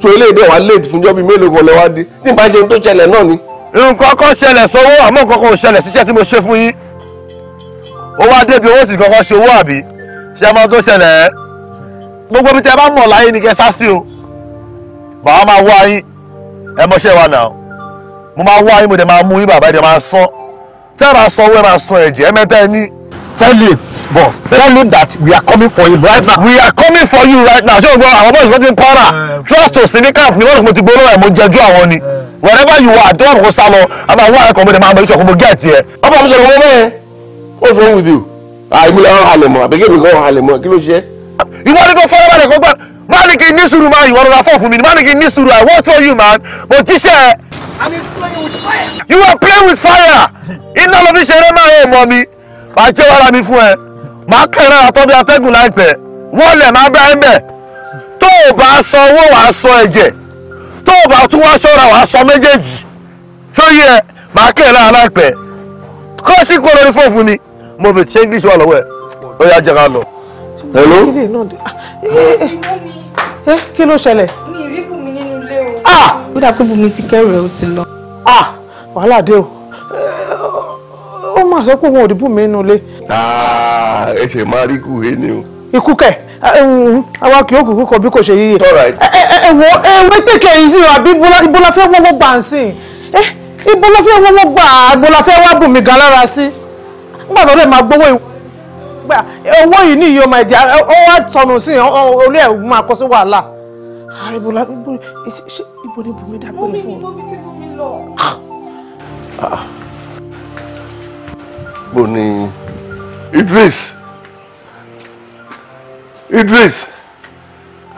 tó eléyìí dẹ̀ wá late fúnjọ́ bíi mélòó kan lẹ́wọ́ á di tí n bá ṣe tó ṣẹlẹ̀ náà ni. nǹkan kan ṣẹlẹ̀ sanwó àmọ́ nǹkan kan ò ṣẹlẹ̀ síṣẹ́ tí mo ṣe fún yín ó wá débi owó sì kankan ṣòwò àbí ṣe mọ tó ṣẹlẹ̀ ẹ́ gbogbo bí tẹ bá mọ̀ láyé ni kẹ sá sí o bàbá máa wá yín ẹ mọṣẹ́ wa náà mo máa wá yín mo dẹ̀ máa mú yín bàbá dẹ̀ máa sán tẹ́ ẹ máa san owó ẹ máa san ẹ̀jẹ̀ ẹ mẹ́ta ẹ ní. tell him boss tell him that we are coming for you right now. we are coming for you right now ṣé o gbọ́ àwọn bọ́ọ̀sì tó ti ń para eh. trust to sini camp ni wọ́n ti mo ẹ̀ mo jẹjú àwọn ni eh. wherever you are àdéhùn kò sá lọ àbáwọ̀ ẹ̀kọ́ mo dẹ̀ máa mọ ìṣọ̀kùn mo gẹ̀ẹ́tì ẹ̀. ọ̀pọ̀ àmì sọ̀rọ̀ wọ́n what's wrong with you àìmúlẹ̀ ah, ọ̀hún halẹ̀ mọ́ àbẹ̀kẹ́ mi kọ́ ọ̀hún halẹ̀ mọ́ kí ló ṣe. ìwọ ni kò fọwọ́ balẹ̀ kó gbà máa ní kí n ní sùúrù máa ìwọ rọra fọ́ fún mi máa ní kí n ní sùúrù I work for you man But this and I'm playing with fire. you are playing with fire iná ló fi ṣeré máa yẹ mọ́ mi máa jẹ́ wàrà mi fún ẹ máa kẹ́rẹ́ àtọ́ bí atẹ́gùn láìpẹ́ wọ́n lẹ̀ máa bá ẹ̀ bẹ̀ tó o bá sọ owó wàá sọ ẹ̀jẹ̀ tó o bá tún wá ṣọ́ra wàá sọ méjèèjì tó yẹ máa kẹ́rẹ́ kọ́ sí kúrò lórí fóònù ni mo fi ṣe english wà lọ́wọ́ ẹ̀ ó yá jẹ́ lọ. hello. Ah, eh, eh, eh. kí ló ṣẹlẹ̀. mi ì rí bùnmi nínú ilé o. Ah! ó dà pé bùnmi ti kẹ́rù ẹ̀ ó ti lọ. Ah! wàhálà dé o ó mà sọ pé òun ò rí bùnmi nínú ilé. ẹ ṣe máa rí ikú yé ni o. ikú kẹ mm, àwa kì í òkú kúkọ bí kò ṣe yíyẹ. ẹ ẹ wo ewé kékeré yìí sí wa bí ibola fẹ́ wọ́n wọ́n gbà ń sìn ibo ló fẹ́ wọ́wọ́ gbà àgbo la fẹ́ wá bùn mi gan lára sí nígbà tó lè máa gbowó ìgbà owó yìí ní ìyọmọ ẹ̀jẹ̀ ó wá tọ̀nù sí orí ẹ̀ e máa kọ́ sí wàhálà. Ah, ibo la ibo ni bùnmi dágbére fún ọ. bó ni Idris Idris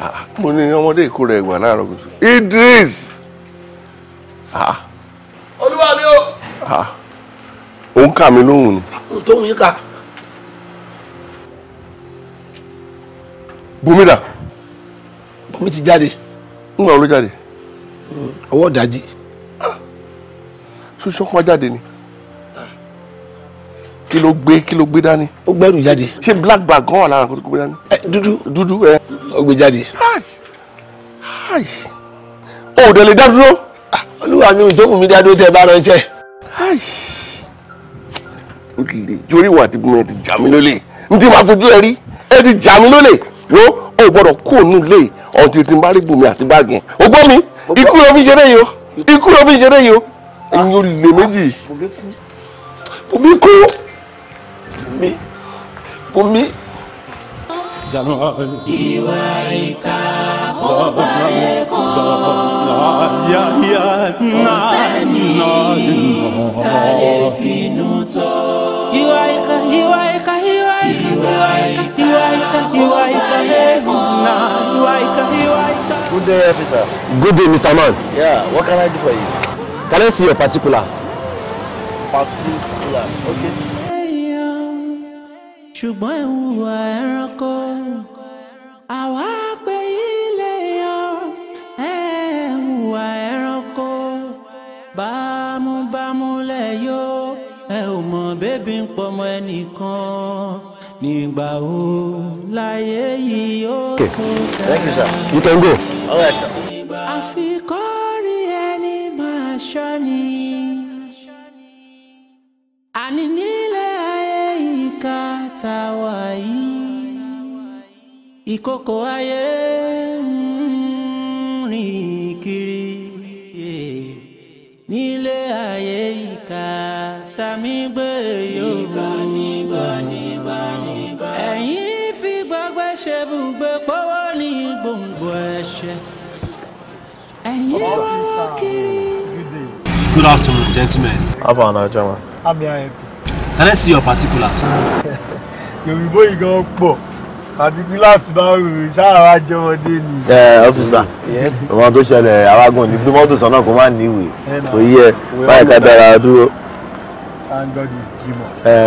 ah, mo ní ọmọdé ìkórè ẹ̀gbà láàárọ̀ kùtù Idris. Ah olúwa mi o. ó ń kà mí lóhùn ni. n tó ń kà. bùnmi dà. bùnmi ti jáde. ń gbà ló jáde. Hmm, ọwọ́ dájí. Ah. ṣoṣo kan jáde ni kí ló gbé kí ló gbé dání. ó gbẹ́rù jáde. ṣé black bag gan wà lára kó tó gbé dání. ẹ eh, dúdú. dúdú ẹ. Eh. ó gbé jáde. ó dẹ̀ lè dá dúró. Ah, olúwa mi ò jókòó mi dáadó tẹ bá ránṣẹ́. ó lè jórí ìwà àti bùnmọ̀ ẹ ti jà mí lólè ní tí màá fojú ẹ rí ẹ ti jà mí lólè ló ò gbọ́dọ̀ kó nù lè ọ̀hún tí o ti ń bá rí bùnmi àti báàgì o gbọ́ mi ikú ló fi ṣeré yìí o ikú ló fi ṣeré yìí o èyí ò lè méjì. Ah, bùnmi kú bùnmi bùnmi. زمان دیوایکا زمان زمان یا یا نا نا تلفینوتو دیوایکا دیوایکا دیوایکا دیوایکا دیوایکا نا دیوایکا دیوایکا Good day, officer. Good day, Mr. Man. Yeah, what can I do for you? Can I see your particulars? Particulars, okay. ṣùgbọ́n ìwà ẹranko àwa pé ilé yan ẹ̀ ń ẹranko bámúbámú lẹ̀ yó ẹ ò mọ̀ bébí ń pọmọ ẹnìkan nígbà wo láyé yìí ó tó dára. Thank you, sir. You can go. All right, ìkókò ayé rìn kiri nílé ayé ìka tàmí gbé yòówù ẹ̀yin fi gbàgbé ṣe bùgbé pọ́wọ́ ní gbòǹgbò ẹ̀ṣẹ̀ ẹ̀yin sọ̀rọ̀ kiri. Good afternoon, gentlemen. How about now, Jama? How may Can I see your particulars? Yorùbá yìí gan pọ̀ àti kíláàsì bá rò ṣáàrà jọmọdé ni. ẹ ọfíìsà ọmọ tó ṣẹlẹ̀ awágùn ní gbé mọ́tò sọ́nà kó má níwèé kò yẹ báyìí ká dára dúró.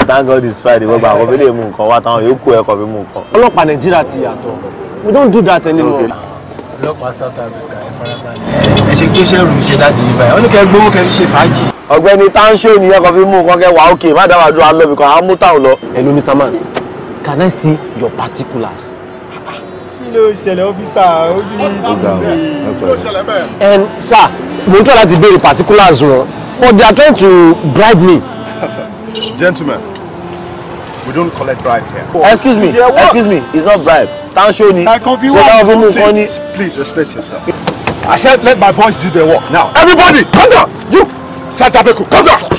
thank god it's friday wọ́n gba àwọn ọmọ ilé mú nǹkan wá táwọn yóò kó ẹ̀kọ́ mi mú nǹkan. ọlọ́pàá nàìjíríà ti yàtọ̀ we don't do that anymore. ọlọ́pàá south africa ẹ farabalẹ̀ ẹ ṣe gbé ṣẹ́rù ṣe dájú yìí báyìí wọ́n gbówó kẹ́ ṣe fàájì. ọ̀gbẹ́ni tanṣe ni ẹkọ fi mú nǹkan kẹ wà ókè má dáwà dúró alọ bìkan àmútà ò lọ. hello mr man can I see your particulars? kí ló ṣẹlẹ̀ ọ́fíìsà sir we ń tọ́ láti béèrè particulars wọn but they are trying to bribe me. gentlemen we don't collect bribe here. Oh, excuse me excuse me it's not bribe tanṣo ni sọlá ọdún mú nǹkan ni. please respect yourself. I said let my boys do their work now. everybody come down you satabeku come down.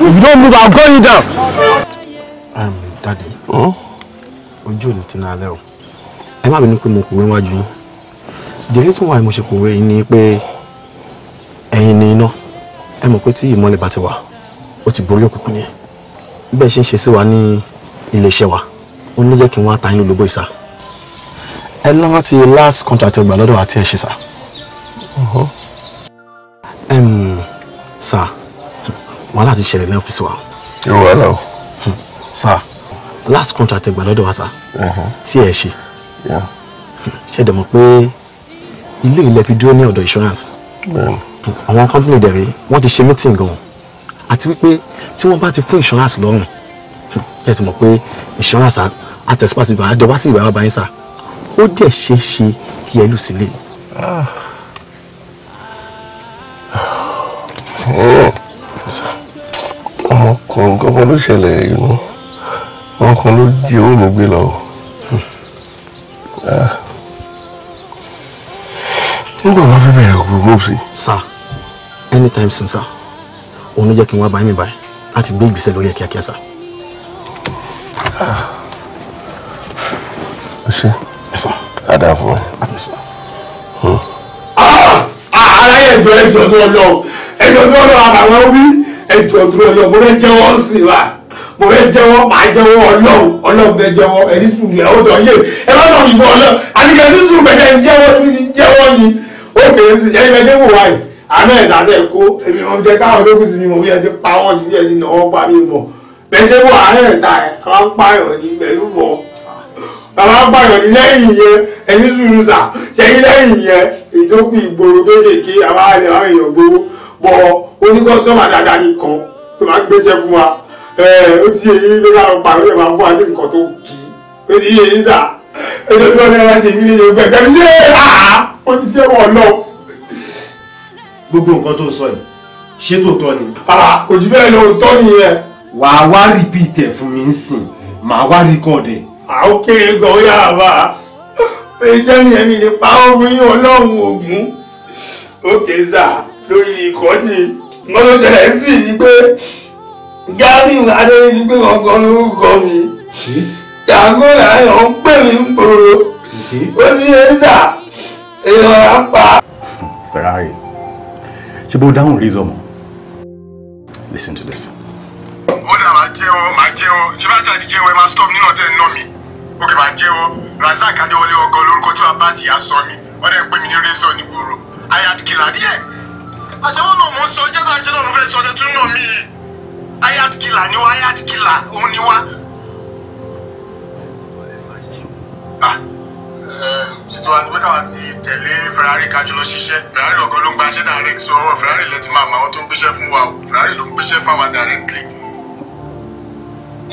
If you don't move, I'll gun you down. Um, Daddy. Huh? Ojú òní ti na alẹ́ o. Ẹ má bínú pé mo kòwé wájú The reason why mo ṣe kòwé yín ni pé ẹ̀yin ni iná. Ẹ mọ̀ pé tí ìmọ́lẹ̀ bá ti wà, ó ti borí òkùnkùn nìyẹn. Bẹ́ẹ̀ ṣe ń ṣe sí wa ní iléeṣẹ́ wa, ó ní jẹ́ kí wọ́n á ta yín lólobó ìsà. Ẹ lọ́wọ́ ti last contract ẹgbàá lọ́dọ̀ àti ẹ̀ ṣe sà. Ẹ̀m sà wàhálà ti ṣẹlẹ̀ ní ọ́fíìsì wa. irú wàhálà o. Hmm. sir last contract ẹgbàá lọ́dọ̀ wa sir uh-huh. tí ẹ ṣe ṣe dẹ̀ mọ̀ pé ilé ilẹ̀ fi dúró ní ọ̀dọ̀ insurance hmm. àwọn company dẹ̀ rí wọ́n ti ṣe meeting gan àti wípé tí wọ́n bá ti fún insurance lọ́rùn hmm, ẹ ti mọ̀ pé insurance àtẹ̀sípàsì ìgbà àdẹ̀wá sí ìgbà bàbá yín sà ó dẹ̀ ṣe é ṣe kí ẹ lù sílẹ̀. Yes, ah. sir kọ̀ọ̀kan kan ló ṣẹlẹ̀ inú wọn kan ló jí owó mi gbé lọ. nígbà wọn fẹ́ bẹ̀rẹ̀ òkú move sí. sir anytime soon sir òun ló jẹ́ kí n wá báyìí mi báyìí láti gbé ìgbésẹ̀ lórí ẹ̀ kíákíá sir. ó ṣe dáadáa fún ọ. ara yẹn jọ ẹjọ tó lọ ẹjọ tó lọ àbàwọn wí ẹjọ dúró ọlọ́run mo fẹ́ jẹ́wọ́ sí wa mo fẹ́ jẹ́wọ́ màá jẹ́wọ́ ọlọ́run ọlọ́run fẹ́ jẹ́wọ́ ẹni sùn rẹ̀ ó dọ̀yé ẹ bá dọ̀ yìnbọn ọlọ́run àdìgẹ́ ẹni sùn bẹ̀jẹ̀ ń jẹ́wọ́ ẹni jẹ́wọ́ yìí obìnrin sì jẹ́ ibẹ̀ jẹ́ wò wáyé àná ẹ̀ dáadáa ẹ̀ kó èmi wọn jẹ́ káwọn ológun sì mi mọ̀ bí ẹ ti pa wọ́n bí ẹ ti nà wọ́n pa mí mọ̀ bẹ́ẹ̀ ṣe wọ àárẹ̀ ẹ̀ ta ẹ̀ àwọn apáyọ̀ ní pẹ̀lú mọ̀ bàbá apáyọ̀ ní lẹ́yìn yẹn ẹni sùúrù sà ṣẹ́yìn lẹ́yìn yẹn ìdókùn ìgboro kéékèèké àwọn àlẹ́ àwọn èèyàn gbowó bọ̀ oníkọ́sọ́mà dáadáa ní kan tó máa ń gbéṣẹ́ fún wa ó ti yé yín ló dáa pa lóye máa fún wa ní nǹkan tó kì í ó ti yé yín sà ẹjọ́ tí wọ́n ní wọ́n ṣe mí léyìn fẹ́ gbẹ́mí yé àá ó ti jẹ́ wọ́n lọ. gbogbo nǹkan tó sọ yìí ṣé tòótọ́ ni. òjú bẹ́ẹ̀ ló tọ́ nìyẹn. wà á wá rìpíìtì ẹ̀ fún mi ń sìn màá wá rìkọ́ọ̀dì. àwọn kéré gan ó yára bá a èyí jẹ́ nìyẹn mi lè pa ọ́ fún yín ọlọ́run ògún ó kéé sáà lórí ìkọ́jì nǹkan tó ṣẹlẹ̀ sí i pé Jamiu Adéyẹmí pé gangan lórúkọ mi jàǹgóra èèyàn ń pè mí ń gbòòrò ó ti ń sà èèyàn á pa. Ferrari ṣe bó dáhùn rí zọmọ listen to this. ó dà máa jẹ́wọ́ máa jẹ́wọ́ ṣé bá tàbí jẹ́wọ́ ẹ máa stop nínú ọ̀tẹ̀ náà mi òkè máa jẹ́wọ́ Razak Adéwọlé ọgọ́ lórúkọ tí wàá bá tìyà sọ mi wọ́n dẹ̀ pè mí ní rẹ́sọ̀ nígboro ayat kìlà díẹ̀ àṣewọ́n náà mò ń sọ jẹ́ta ṣe náà ló fẹ́ sọ ọdẹtún náà mí ayat killer ni wá ayat killer òun ni wá. títí wa ni pé káwọn ti tẹ̀lé Ferrari kájọ lọ ṣiṣẹ́ Ferrari ọ̀gá ló ń gbaṣẹ́ direct sọ̀rọ̀ Ferrari lè ti máa mọ àwọn tó ń gbéṣẹ́ fún wa o Ferrari ló ń gbéṣẹ́ fún wa directly.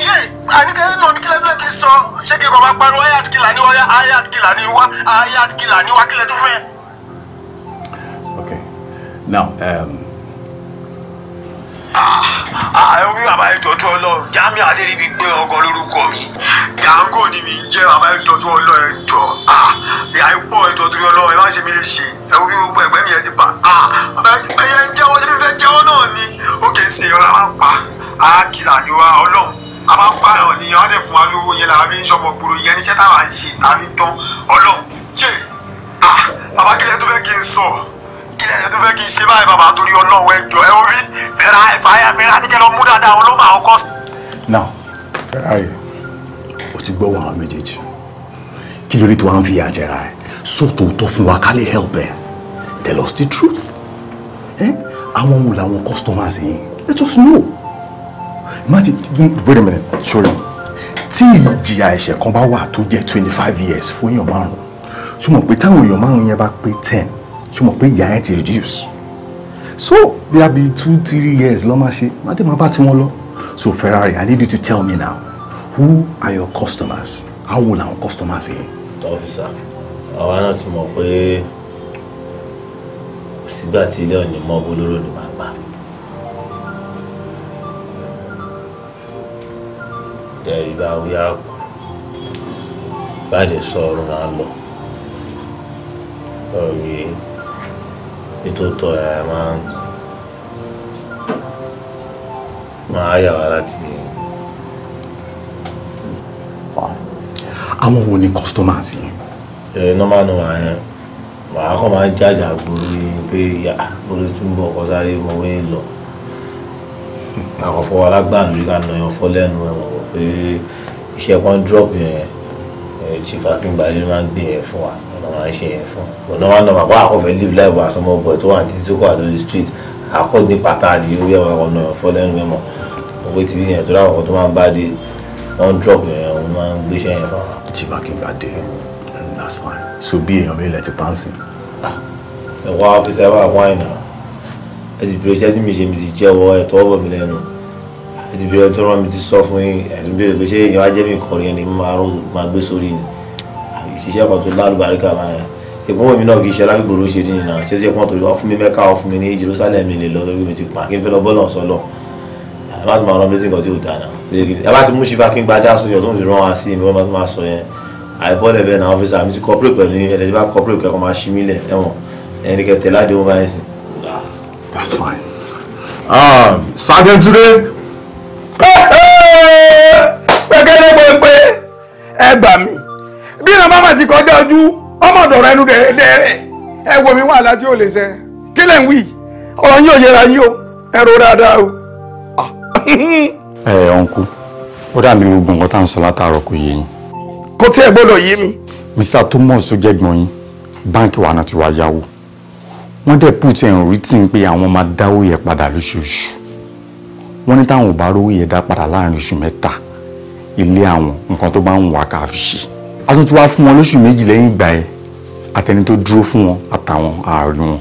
yé àníkẹ́ náà ní kílẹ̀ tó ti sọ ṣé kí n kọ́ máa pariwo ayat killer ni wá ayat killer ni wá ayat killer ni wá kílẹ̀ tó fẹ́ now. Um, ah, ah, àwọn bí bàbá yìí tọ́jú ọlọ́run jami adéríbi gbé ọkọ lórúkọ mi Django ni mi ń jẹ́ bàbá yìí tọ́jú ọlọ́run jọ ah, ìyá ipò ìtọ́jú ọlọ́run ẹ má ṣe mi lè ṣe ẹ̀rù bí gbogbo ẹ̀gbẹ́ mi yẹn ti bà ẹ̀yẹ ń jẹ́wọ́ ṣe fífẹ́ jẹ́wọ́ náà ni ó kì í ṣe ọ̀la máa ń pa àákìlà yóò ọlọ́run a máa ń pààyàn ní ọ̀dẹ̀ fún wa lówó yẹn la fi ń ṣọmọ gbòòrò yẹn níṣẹ́ táwa ń ṣe tàbí tán ọlọ́run ṣe bàbá kẹ́lẹ́ tó fẹ́ kí n sọ kí tó fẹ́ kí n ṣe báyìí bàbá torí ọlọ́wọ́ ẹjọ́ ẹ orí Ferrari fàyà Ferrari kẹ́ mú dáadáa wọn ló máa ọkọ. now Ferrari o ti gbọ́ wọn àwọn méjèèjì kí lórí tí wọ́n á fi yà jẹ́ra ẹ̀ sóòtòótọ́ fún wa ká lè help ẹ̀ tell us the truth eh? àwọn wo làwọn customers yìí let us know mati wait a minute sorry tí ìjìyà ẹ̀ṣẹ̀ kan bá wà tó jẹ́ twenty five years fún èèyàn márùn-ún ṣùgbọ́n pé táwọn èèyàn márùn-ún yẹn bá pé ten ṣe mọ̀ pé ìyá yẹn ti reduce so there have been two three years lọ́ máa ṣe má dé máa bá tiwọn lọ so Ferrari I need you to tell me now who are your customers how old àwọn customers here, officer àwa náà ti mọ̀ pé sígbà tí ilé ọ̀nì mọ́ olóró ni màá gbà. tẹ̀rí bá wí àpò bá dé sọ ọ̀run à lọ ètò tọ́ ẹ máa ń máa yà wá láti. àwọn wo ni customers yẹn. ẹ nọ́mbà nọ́mbà yẹn màá kọ́ máa ń jàjà gbòòrò yìí pé ìyá gbòòrò tún bọ̀ kọ́ sáré mọ wé lọ. àkọ́fọ́ alágbàdo yìí ká nàyàn fọ́ lẹ́nu ẹ̀ mọ̀ pé iṣẹ́ kan drop yẹn chief akíngbàdé máa ń gbé yẹn fún wa ọ̀nà máa ń ṣe yẹn fún ọ̀nà wa náà bàbá àkọ́fẹ́ live live as ọmọ ọ̀bọ̀ tó wà ní títí kó wà lórí street àkọ́ ní pátá ni ó yẹ wọn ọ̀nà fọlẹ́nu mẹ́mọ́ owó ti rí yẹn tó láwọn tó máa ń bá dé wọ́n drop yẹn wọ́n máa ń gbéṣẹ́ yẹn fún wa. jìbá kí n bá dé that's fine so bí èèyàn mi lẹ ti pàǹsì. ẹ wá ọ́fíìsì ẹ bá wáìn náà ẹ ti bèrè iṣẹ́ tí mi ṣe mi ti jẹ́wọ́ ẹ tọ́ bọ̀ mí lẹ́nu ẹ ti bèrè ẹ tó rán mi ti sọ fún yín ẹ bèrè pé ṣé èèyàn á jẹ́ mi kọrin ẹni máa gbé sórí ni ṣiṣẹ́ kan tó lálùbáríkà máa yẹn ṣùgbọ́n èmi náà kì í ṣe alágbègbòrò ṣe dín nìyà ṣe ṣe pọ́n torí wọ́n fún mi mẹ́ka wọ́n fún mi ní Jerusalem lè lọ lórí mi ti pa kí n fẹ́ lọ bọ́ọ̀lù ọ̀sán lọ ẹ má ti máa rán mi létí nǹkan tí ò dáná ẹ bá ti mú ṣífà kí n gba dáṣọ yọ tó ń fi rán wa sí mi wọ́n má ti máa sọ yẹn àìbọ́lẹ̀ bẹ́ẹ̀ náà ọ́fíìsà mi ti cooperate pẹ̀lú ẹni tí bá cooperate kẹ́kọ̀ọ́ máa That's fine. Um, Sergeant Tunde. pẹ́kẹ́lẹ́ pé pé ẹ gbà bí iná bá ti kọjá ojú ọmọ ọ̀dọ̀rọ̀ ẹnu dẹ̀rẹ̀ ẹ wo mi wà láti ò lè ṣe kí lẹ̀ ń wí ọ̀rọ̀ yín ò yẹra yín o ẹ ro dáadáa o. ẹ ẹ ọ̀nkú ó dàbí gbogbo nǹkan tá à ń sọ látàárọ̀ kò yé yín. kò tí ẹ gbọ́dọ̀ yé mi. Mr. Thomas ó jẹ́gbọ́n yín báńkì wa náà ti wá yáwó wọ́n dẹ̀ put ẹ̀rùn rí tí ń pé àwọn máa dáwó yẹn padà lóṣooṣù wọ́n ní táwọn ò bá rówó yẹn dá padà láàrin oṣù mẹ́ta ilé àwọn nǹkan tó bá ń wà káàfi ṣe a tún ti wá fún wọn lóṣù méjì lẹ́yìn ìgbà yẹn àtẹni tó dúró fún wọn àtàwọn ààrùn wọn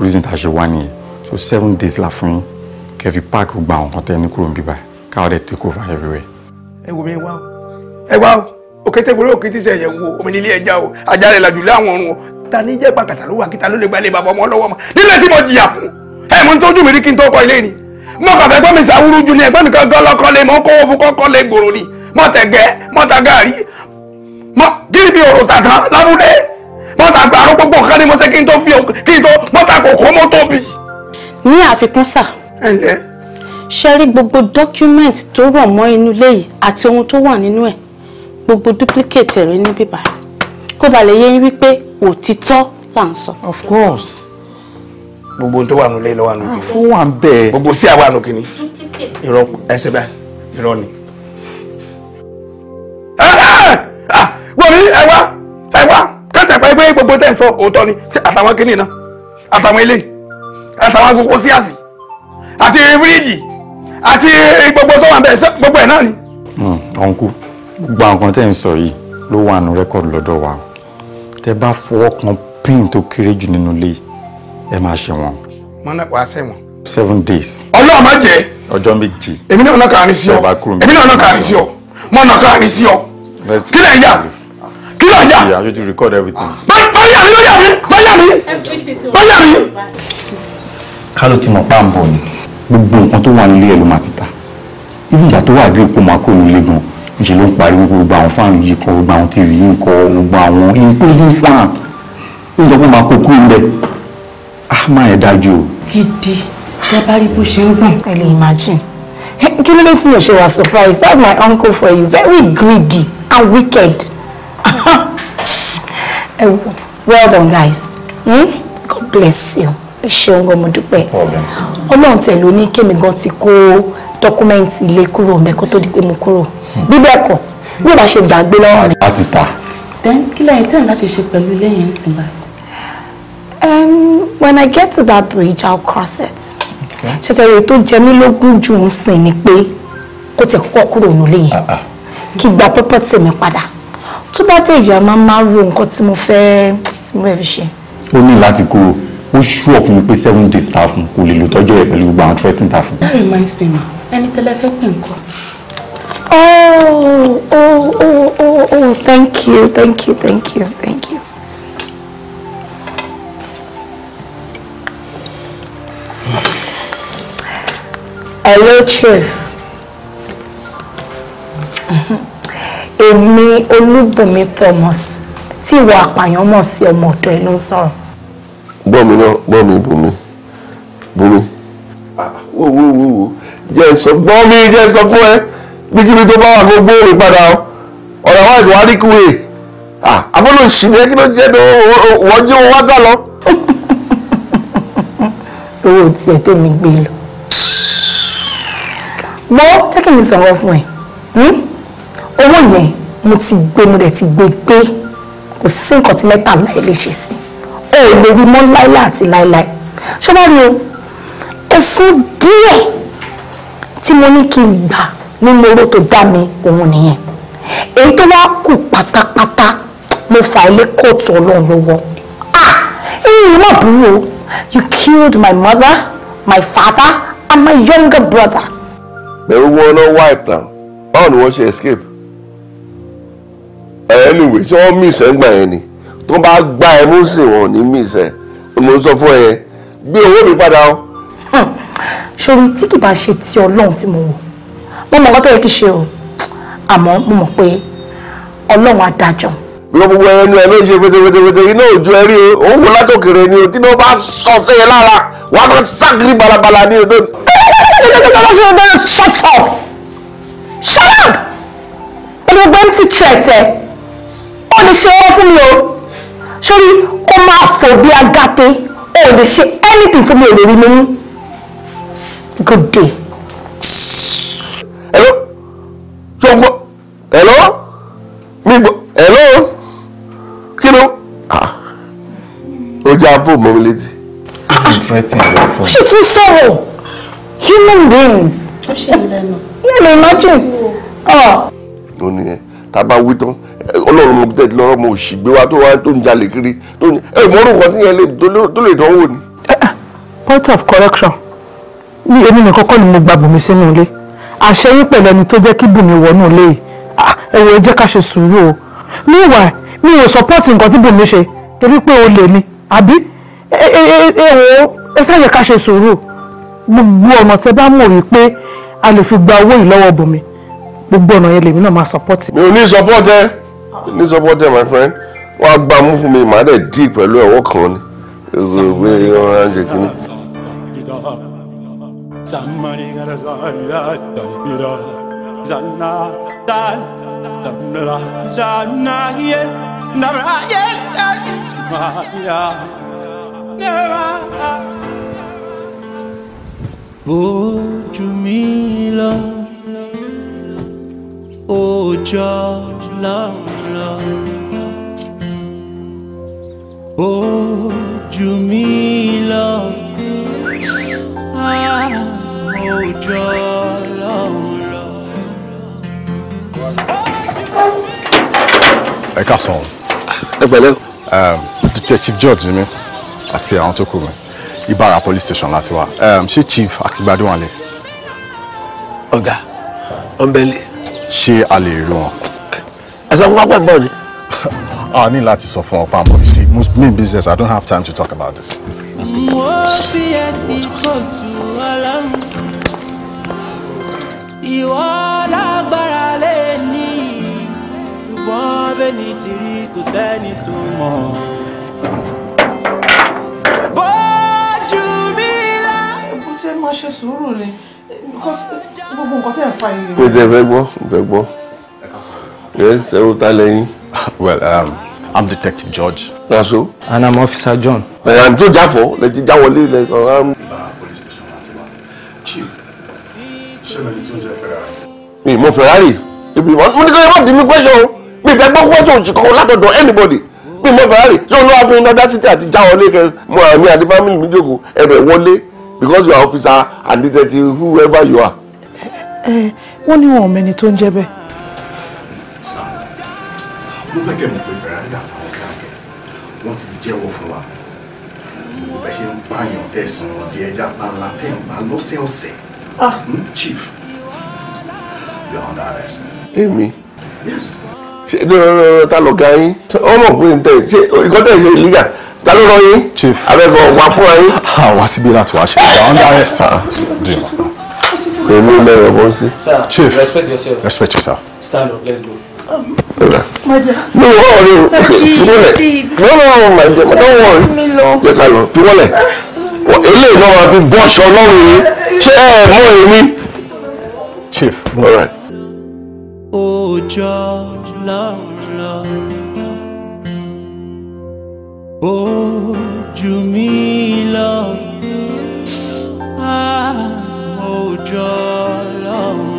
reason tá a ṣe wá nìyẹn so seven days la fún yín kẹfì park gba àwọn kan tẹni kúrò níbí báyìí káwọn dẹ take over everywhere. ẹ wo mi wá o ẹ wá o òkè tẹ fúlẹ́ òkè tí sẹ̀ yẹn wo omi nílé ẹja o ajá rẹ̀ làjù láwọn ọ̀run o ta ní jẹ́ pàkàtà ló wà kíta ló lè gbalẹ̀ bàbá ọmọ ọlọ́wọ́ ma nílẹ̀ tí mo jìyà fún ẹ mo ń tójú mi rí kí n tó kọ́ ilé ni mo kàn gbọ́ mi sàwúrú ju ni ẹ̀gbọ́n mi kan gán lọ́kọ́ lé mo ń fún kọ́kọ́ lé gbòòrò ni mọ́tẹ̀gẹ́ mọ́tàgáàrí mọ gírí bí òrò tàtàn lábúlé mọ sàgbàrú gbogbo nǹkan ni mo ṣe kí n tó fi kí n tó mọ́tà kòkó mọ́ tóbi. ní àfikún sà. ẹ ṣe rí gbogbo dọ́kúmẹ́ǹtì tó rọ̀ mọ́ inú ilé yìí àti ohun tó wà nínú ẹ̀ gbogbo duplicate rẹ̀ ní bíbá kó ba lè yé yín wípé òtítọ́ là ń sọ. of course gbogbo tó wà nù lé lọ́wọ́ nù kìíní. fún ah, wa bẹ́ẹ̀. gbogbo sí àwa nù kìíní. irọ́ ẹsẹ̀ bá irọ́ ni. wọ́n mi ẹ wá ẹ wá kẹsẹ̀ pé pé gbogbo tẹ̀ sọ òótọ́ ni àtàwọn kìnnì náà àtàwọn eléyìí àtàwọn agogo síàsì àti fíríjì àti gbogbo tó wà bẹ́ẹ̀ gbogbo ẹ̀ náà ni. ọ̀nkú hmm, gbogbo àwọn kan tẹ̀ ń sọ yìí ló wà nù rẹ́kọ̀dù lọ́dọ̀ wa tẹ bá fọwọ́ kan pín tó kéré jù nínú ilé ẹ máa ṣe wọn. mo náà wàá ṣẹ̀wọ̀n. seven days. ọlọ́run má jẹ́. ọjọ́ méjì. èmi náà náà kàrin sí ọ mo kí lè yà kí ló ń jà. yeah I should record everything. báyà mi ló yà mí báyà mi báyà mi. ká ló ti mọ̀ páàbọ̀ ni gbogbo nǹkan tó wà nílé ẹ̀ ló máa ti ta ibi ìjà tó wà bí ipò máa kó nílé gan ìṣe ló ń pariwo gbogbo àwọn fáànù yìí kọ gbogbo àwọn tv yìí kọ gbogbo àwọn including fan níjọ pé máa kó kú ilẹ̀ ah máa ẹ̀ dájú o. gidi tẹ bá rí bó ṣe ń gbọ̀n. ẹ lè imagine kí ló dé tí mo ṣe wà surprise that's my uncle for you very greedy and wicked well done guys hmm? god bless you ẹ ṣeun gan mo dúpẹ́ ọlọ́run tẹ̀ ló ní kémi gan ti kó dọ́kúmẹ́ǹtì ilé kúrò mẹ́kọ́ tó di pé mo kúrò bí bẹ́ẹ̀ kọ́ bí ìbá ṣe gbàgbé lọ́wọ́ mi. ta. then kila lẹ́yìn tẹ̀ láti ṣe pẹ̀lú ilé yẹn sí báyìí. when i get to that bridge i'll cross it. Okay. èrè tó jẹ mí lógún jù ń sìn ni pé kó tẹ̀ kọ́kọ́ kúrò nílé yẹn ah, ah. kí gba pọ́pọ́ tèmi padà tó bá tẹ ìyá máa máa ro nǹkan tí mo fẹ́ tí mo fẹ́ fi ṣe. ó ní láti kó o ṣú ọ̀ fún mi pé seven days ta fún kò lè lò tọ́jú ẹ̀ pẹ̀lú gbogbo àwọn threatening ta fún. that reminds me ma ẹni tẹ́lẹ̀ fẹ́ pè nǹkan. oh oh oh oh oh thank you thank you thank you thank you. Hello, Chief èmi olúbùnmi thomas tí ìwọ àpàyàn mọ̀ sí ọmọ ọ̀dọ̀ ẹ ló ń sọ̀rọ̀. gbọ́ mi náà gbọ́ mi bùnmi bùnmi ah, wò wò wò wò jẹ́ sọ gbọ́ mi jẹ́ sọ fún ẹ bíkíbi tó bá wà gbogbo èrè padà ọ̀rọ̀ àwọn ìwà àríkúwe àbọ̀lò ah, ṣìlẹ̀ kí ló jẹ́ wọ́n jí wọn wá sá lọ. owó tiẹ̀ tèmi gbé lọ. gbọ́ jẹ́ kí mi sọ̀rọ̀ fún ẹ. Hmm? owó yẹn mo ti gbé mo dẹ̀ ti gbé gbé kò sí nǹkan tí lẹ́tà láì lè ṣe sí ẹ ò lè rí mọ́ láíláí àti láíláí ṣé bá rí o ẹ̀sùn díẹ̀ tí mo ní kí n gbà nínú owó tó dá mi òun nìyẹn èyí tó wá kù pátápátá mo fà ilé kóòtù ọlọ́run lọ́wọ́ ah ẹ̀yin yìí burú o you killed my mother my father and my younger brother. bẹ̀rù wọn lọ wá ìpàn báwo ni wọ́n ṣe escape anyway tí wọ́n miss ẹ̀ ń gbà yẹn ni tó bá gbá ẹ mú sí wọn ní miss ẹ mo sọ fún ẹ gbé owó mi padà o. sori tí kì bá ṣe ti ọlọ́run tí mo wò mo mọ̀ nǹkan tó yẹ kí ṣe o àmọ́ mo mọ̀ pé ọlọ́run adájọ́. bí wọ́n gbogbo ẹnu ẹ ló ń iná òjò ẹ rí o òun wò látòkèrè ni o tí ló bá sọ sẹ́yẹ lára wà á kàn ságìrì balabala ní odò. shut up shut up! ó ní gbogbo empty threat ẹ. Eh? ó lè ṣe ọwọ́ fún mi o sórí kó máa fò bí agate ó lè ṣe anything fún mi ò lè rí mi good day. hello ṣọgbọ́n hello mi gbọ́ hello kí ló ah. ó já fóònù mọ́ mi létí. ó sì tún sọ̀rọ̀ human beings. ó ṣe ìlànà. yẹ́n lè imagine. Ah. ó ní ẹ tá a bá wí tán ọlọ́run mo tẹ̀ lọ́rọ́ mo sì gbé wa tó wá tó ń jalè kiri tó ní ẹ mo rò wọ́n níyẹn tó lè dánwò ni. point of correction ní èmi nìkan kọ́ ni mo gba bùnmi sínú ilé àṣeyín pẹ̀lú ẹni tó jẹ́ kí bùnmi wọnú ilé yìí ah, ẹ wò ó jẹ́ ká ṣe sùúrù o meanwhile mi ò support nǹkan tí bùnmi ṣe torí pé o lè ni àbí ẹ ẹ ẹ wò ó ẹ sáyẹ ká ṣe sùúrù gbogbo ọ̀nà tẹ bá mọ̀ rí pé a lè fi gba owó yìí lọ́wọ́ bùnmi gbogbo ọ̀nà yẹn lèmi náà máa support. mi ò ní support ẹ. Eh? ní support ẹ my friend wọ́n á gbá mú fún mi màá dẹ̀ dì pẹ̀lú ẹ̀wọ́ kan ni gbogbo ìran ẹ̀jẹ̀ kìíní. Bójú mi lọ. Oh George Laura, oh Jumila, ah, oh George Laura. Ẹ káàsán o. Detective George ni mí àti àwọn tó kù mi. Ibara police station láti wá. Ṣé Chief Akíngbádé wà lé? Ọ̀gá, ọ̀nbẹ́lẹ̀ ṣé a lè rí wọn. ẹ sọ fún wa pẹ̀ ń bọ̀ ni. a ní láti sọ fún ọ pa àmọ́ you see main business i don't have time to talk about this. mo fi ẹsìn kóòtù ọlọ́run ìwọ lágbára lè ní ṣùgbọ́n bẹ́ẹ̀ni tìrí kò sẹ́ni tó mọ̀. bójú mi lá. bó ṣe ṣe sùúrù ni gbogbo nǹkan tẹ̀ ń fa iye. mi tẹ fẹ́ gbọ́ yes ẹrú ta lẹ́yìn. well um, i'm detective george. na so. and i'm officer john. ẹ eh, ẹ tó jáfọ lè ti jáwọlé lè ìbára police station láti wá chief ṣé mi ti ń jẹ ferrari. mi mọ ferrari ibi wọn mo ní kí ẹ má bí mi question o mi fẹ́ gbọ́ question òjìkan látọ̀dọ̀ anybody mi mọ ferrari ṣé olúwa fún iná dá síta àti jáwọlé kẹ mo àmì àti family mi jókòó ẹ̀rọ ẹ̀ wọlé because you are officer and detective whoever you are. ẹ eh, wọ́n ní wọn ò mẹ́ni tó ń jẹ́ bẹ́ẹ̀. sá mo fẹ́ kẹ́ mọ̀ pé ferrari àtàwọn kíákẹ́ wọ́n ti jẹ́wọ́ fún wa mo bẹ̀ ṣe ń pààyàn tẹ̀sán di ẹja panla tẹ̀ ń pa lọ́sẹ̀ọ̀sẹ̀ ah. hmm, chief you are under arrest. èmi. yes. ṣe ní ọ̀rọ̀ ta lọ́gá yín ọmọ òpin tẹ̀ ṣe ìkọ́tẹ̀ ṣe illegal ta ló chief abẹ́bọ̀ wà fúnra yín. àwa síbí láti wá ṣe ìgbà under arrest do you know. èmi ń bẹ̀rẹ̀ bọ́ sí. chief respect yourself. respect yourself. stand up let's go. My dear. No, no, no. No, no, my dear. Don't worry. Jẹ́ ká lọ. Fi wọ́n lẹ̀. Eléyìí náà wà fi bọ́ṣọ lọ́rùn yìí. Ṣé ẹ mọ èmi? Chief. All right. Ọjọ́ lọ́rùn lọ́rùn ó jù mí lọ àwùjọ lọ́wọ́.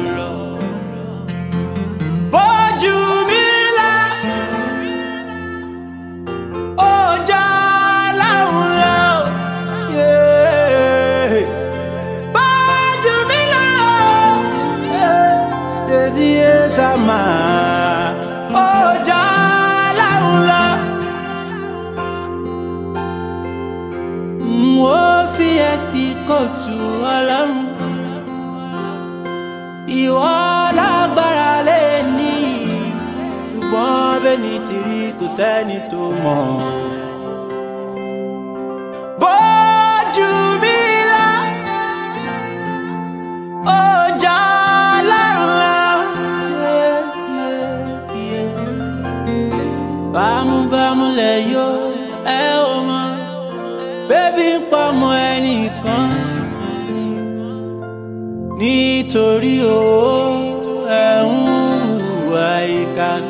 kóòtù ọlọ́run ìwọ lágbára lè ní ṣùgbọ́n bẹ́ni ti rí kò sẹ́ni tó mọ̀. bójú mi lá ọjà lárúnlá bámúbámú lẹ yó ẹ ò bébí ń pamọ ẹnìkan nítorí o ẹ̀ ń hùwà ìkànnì.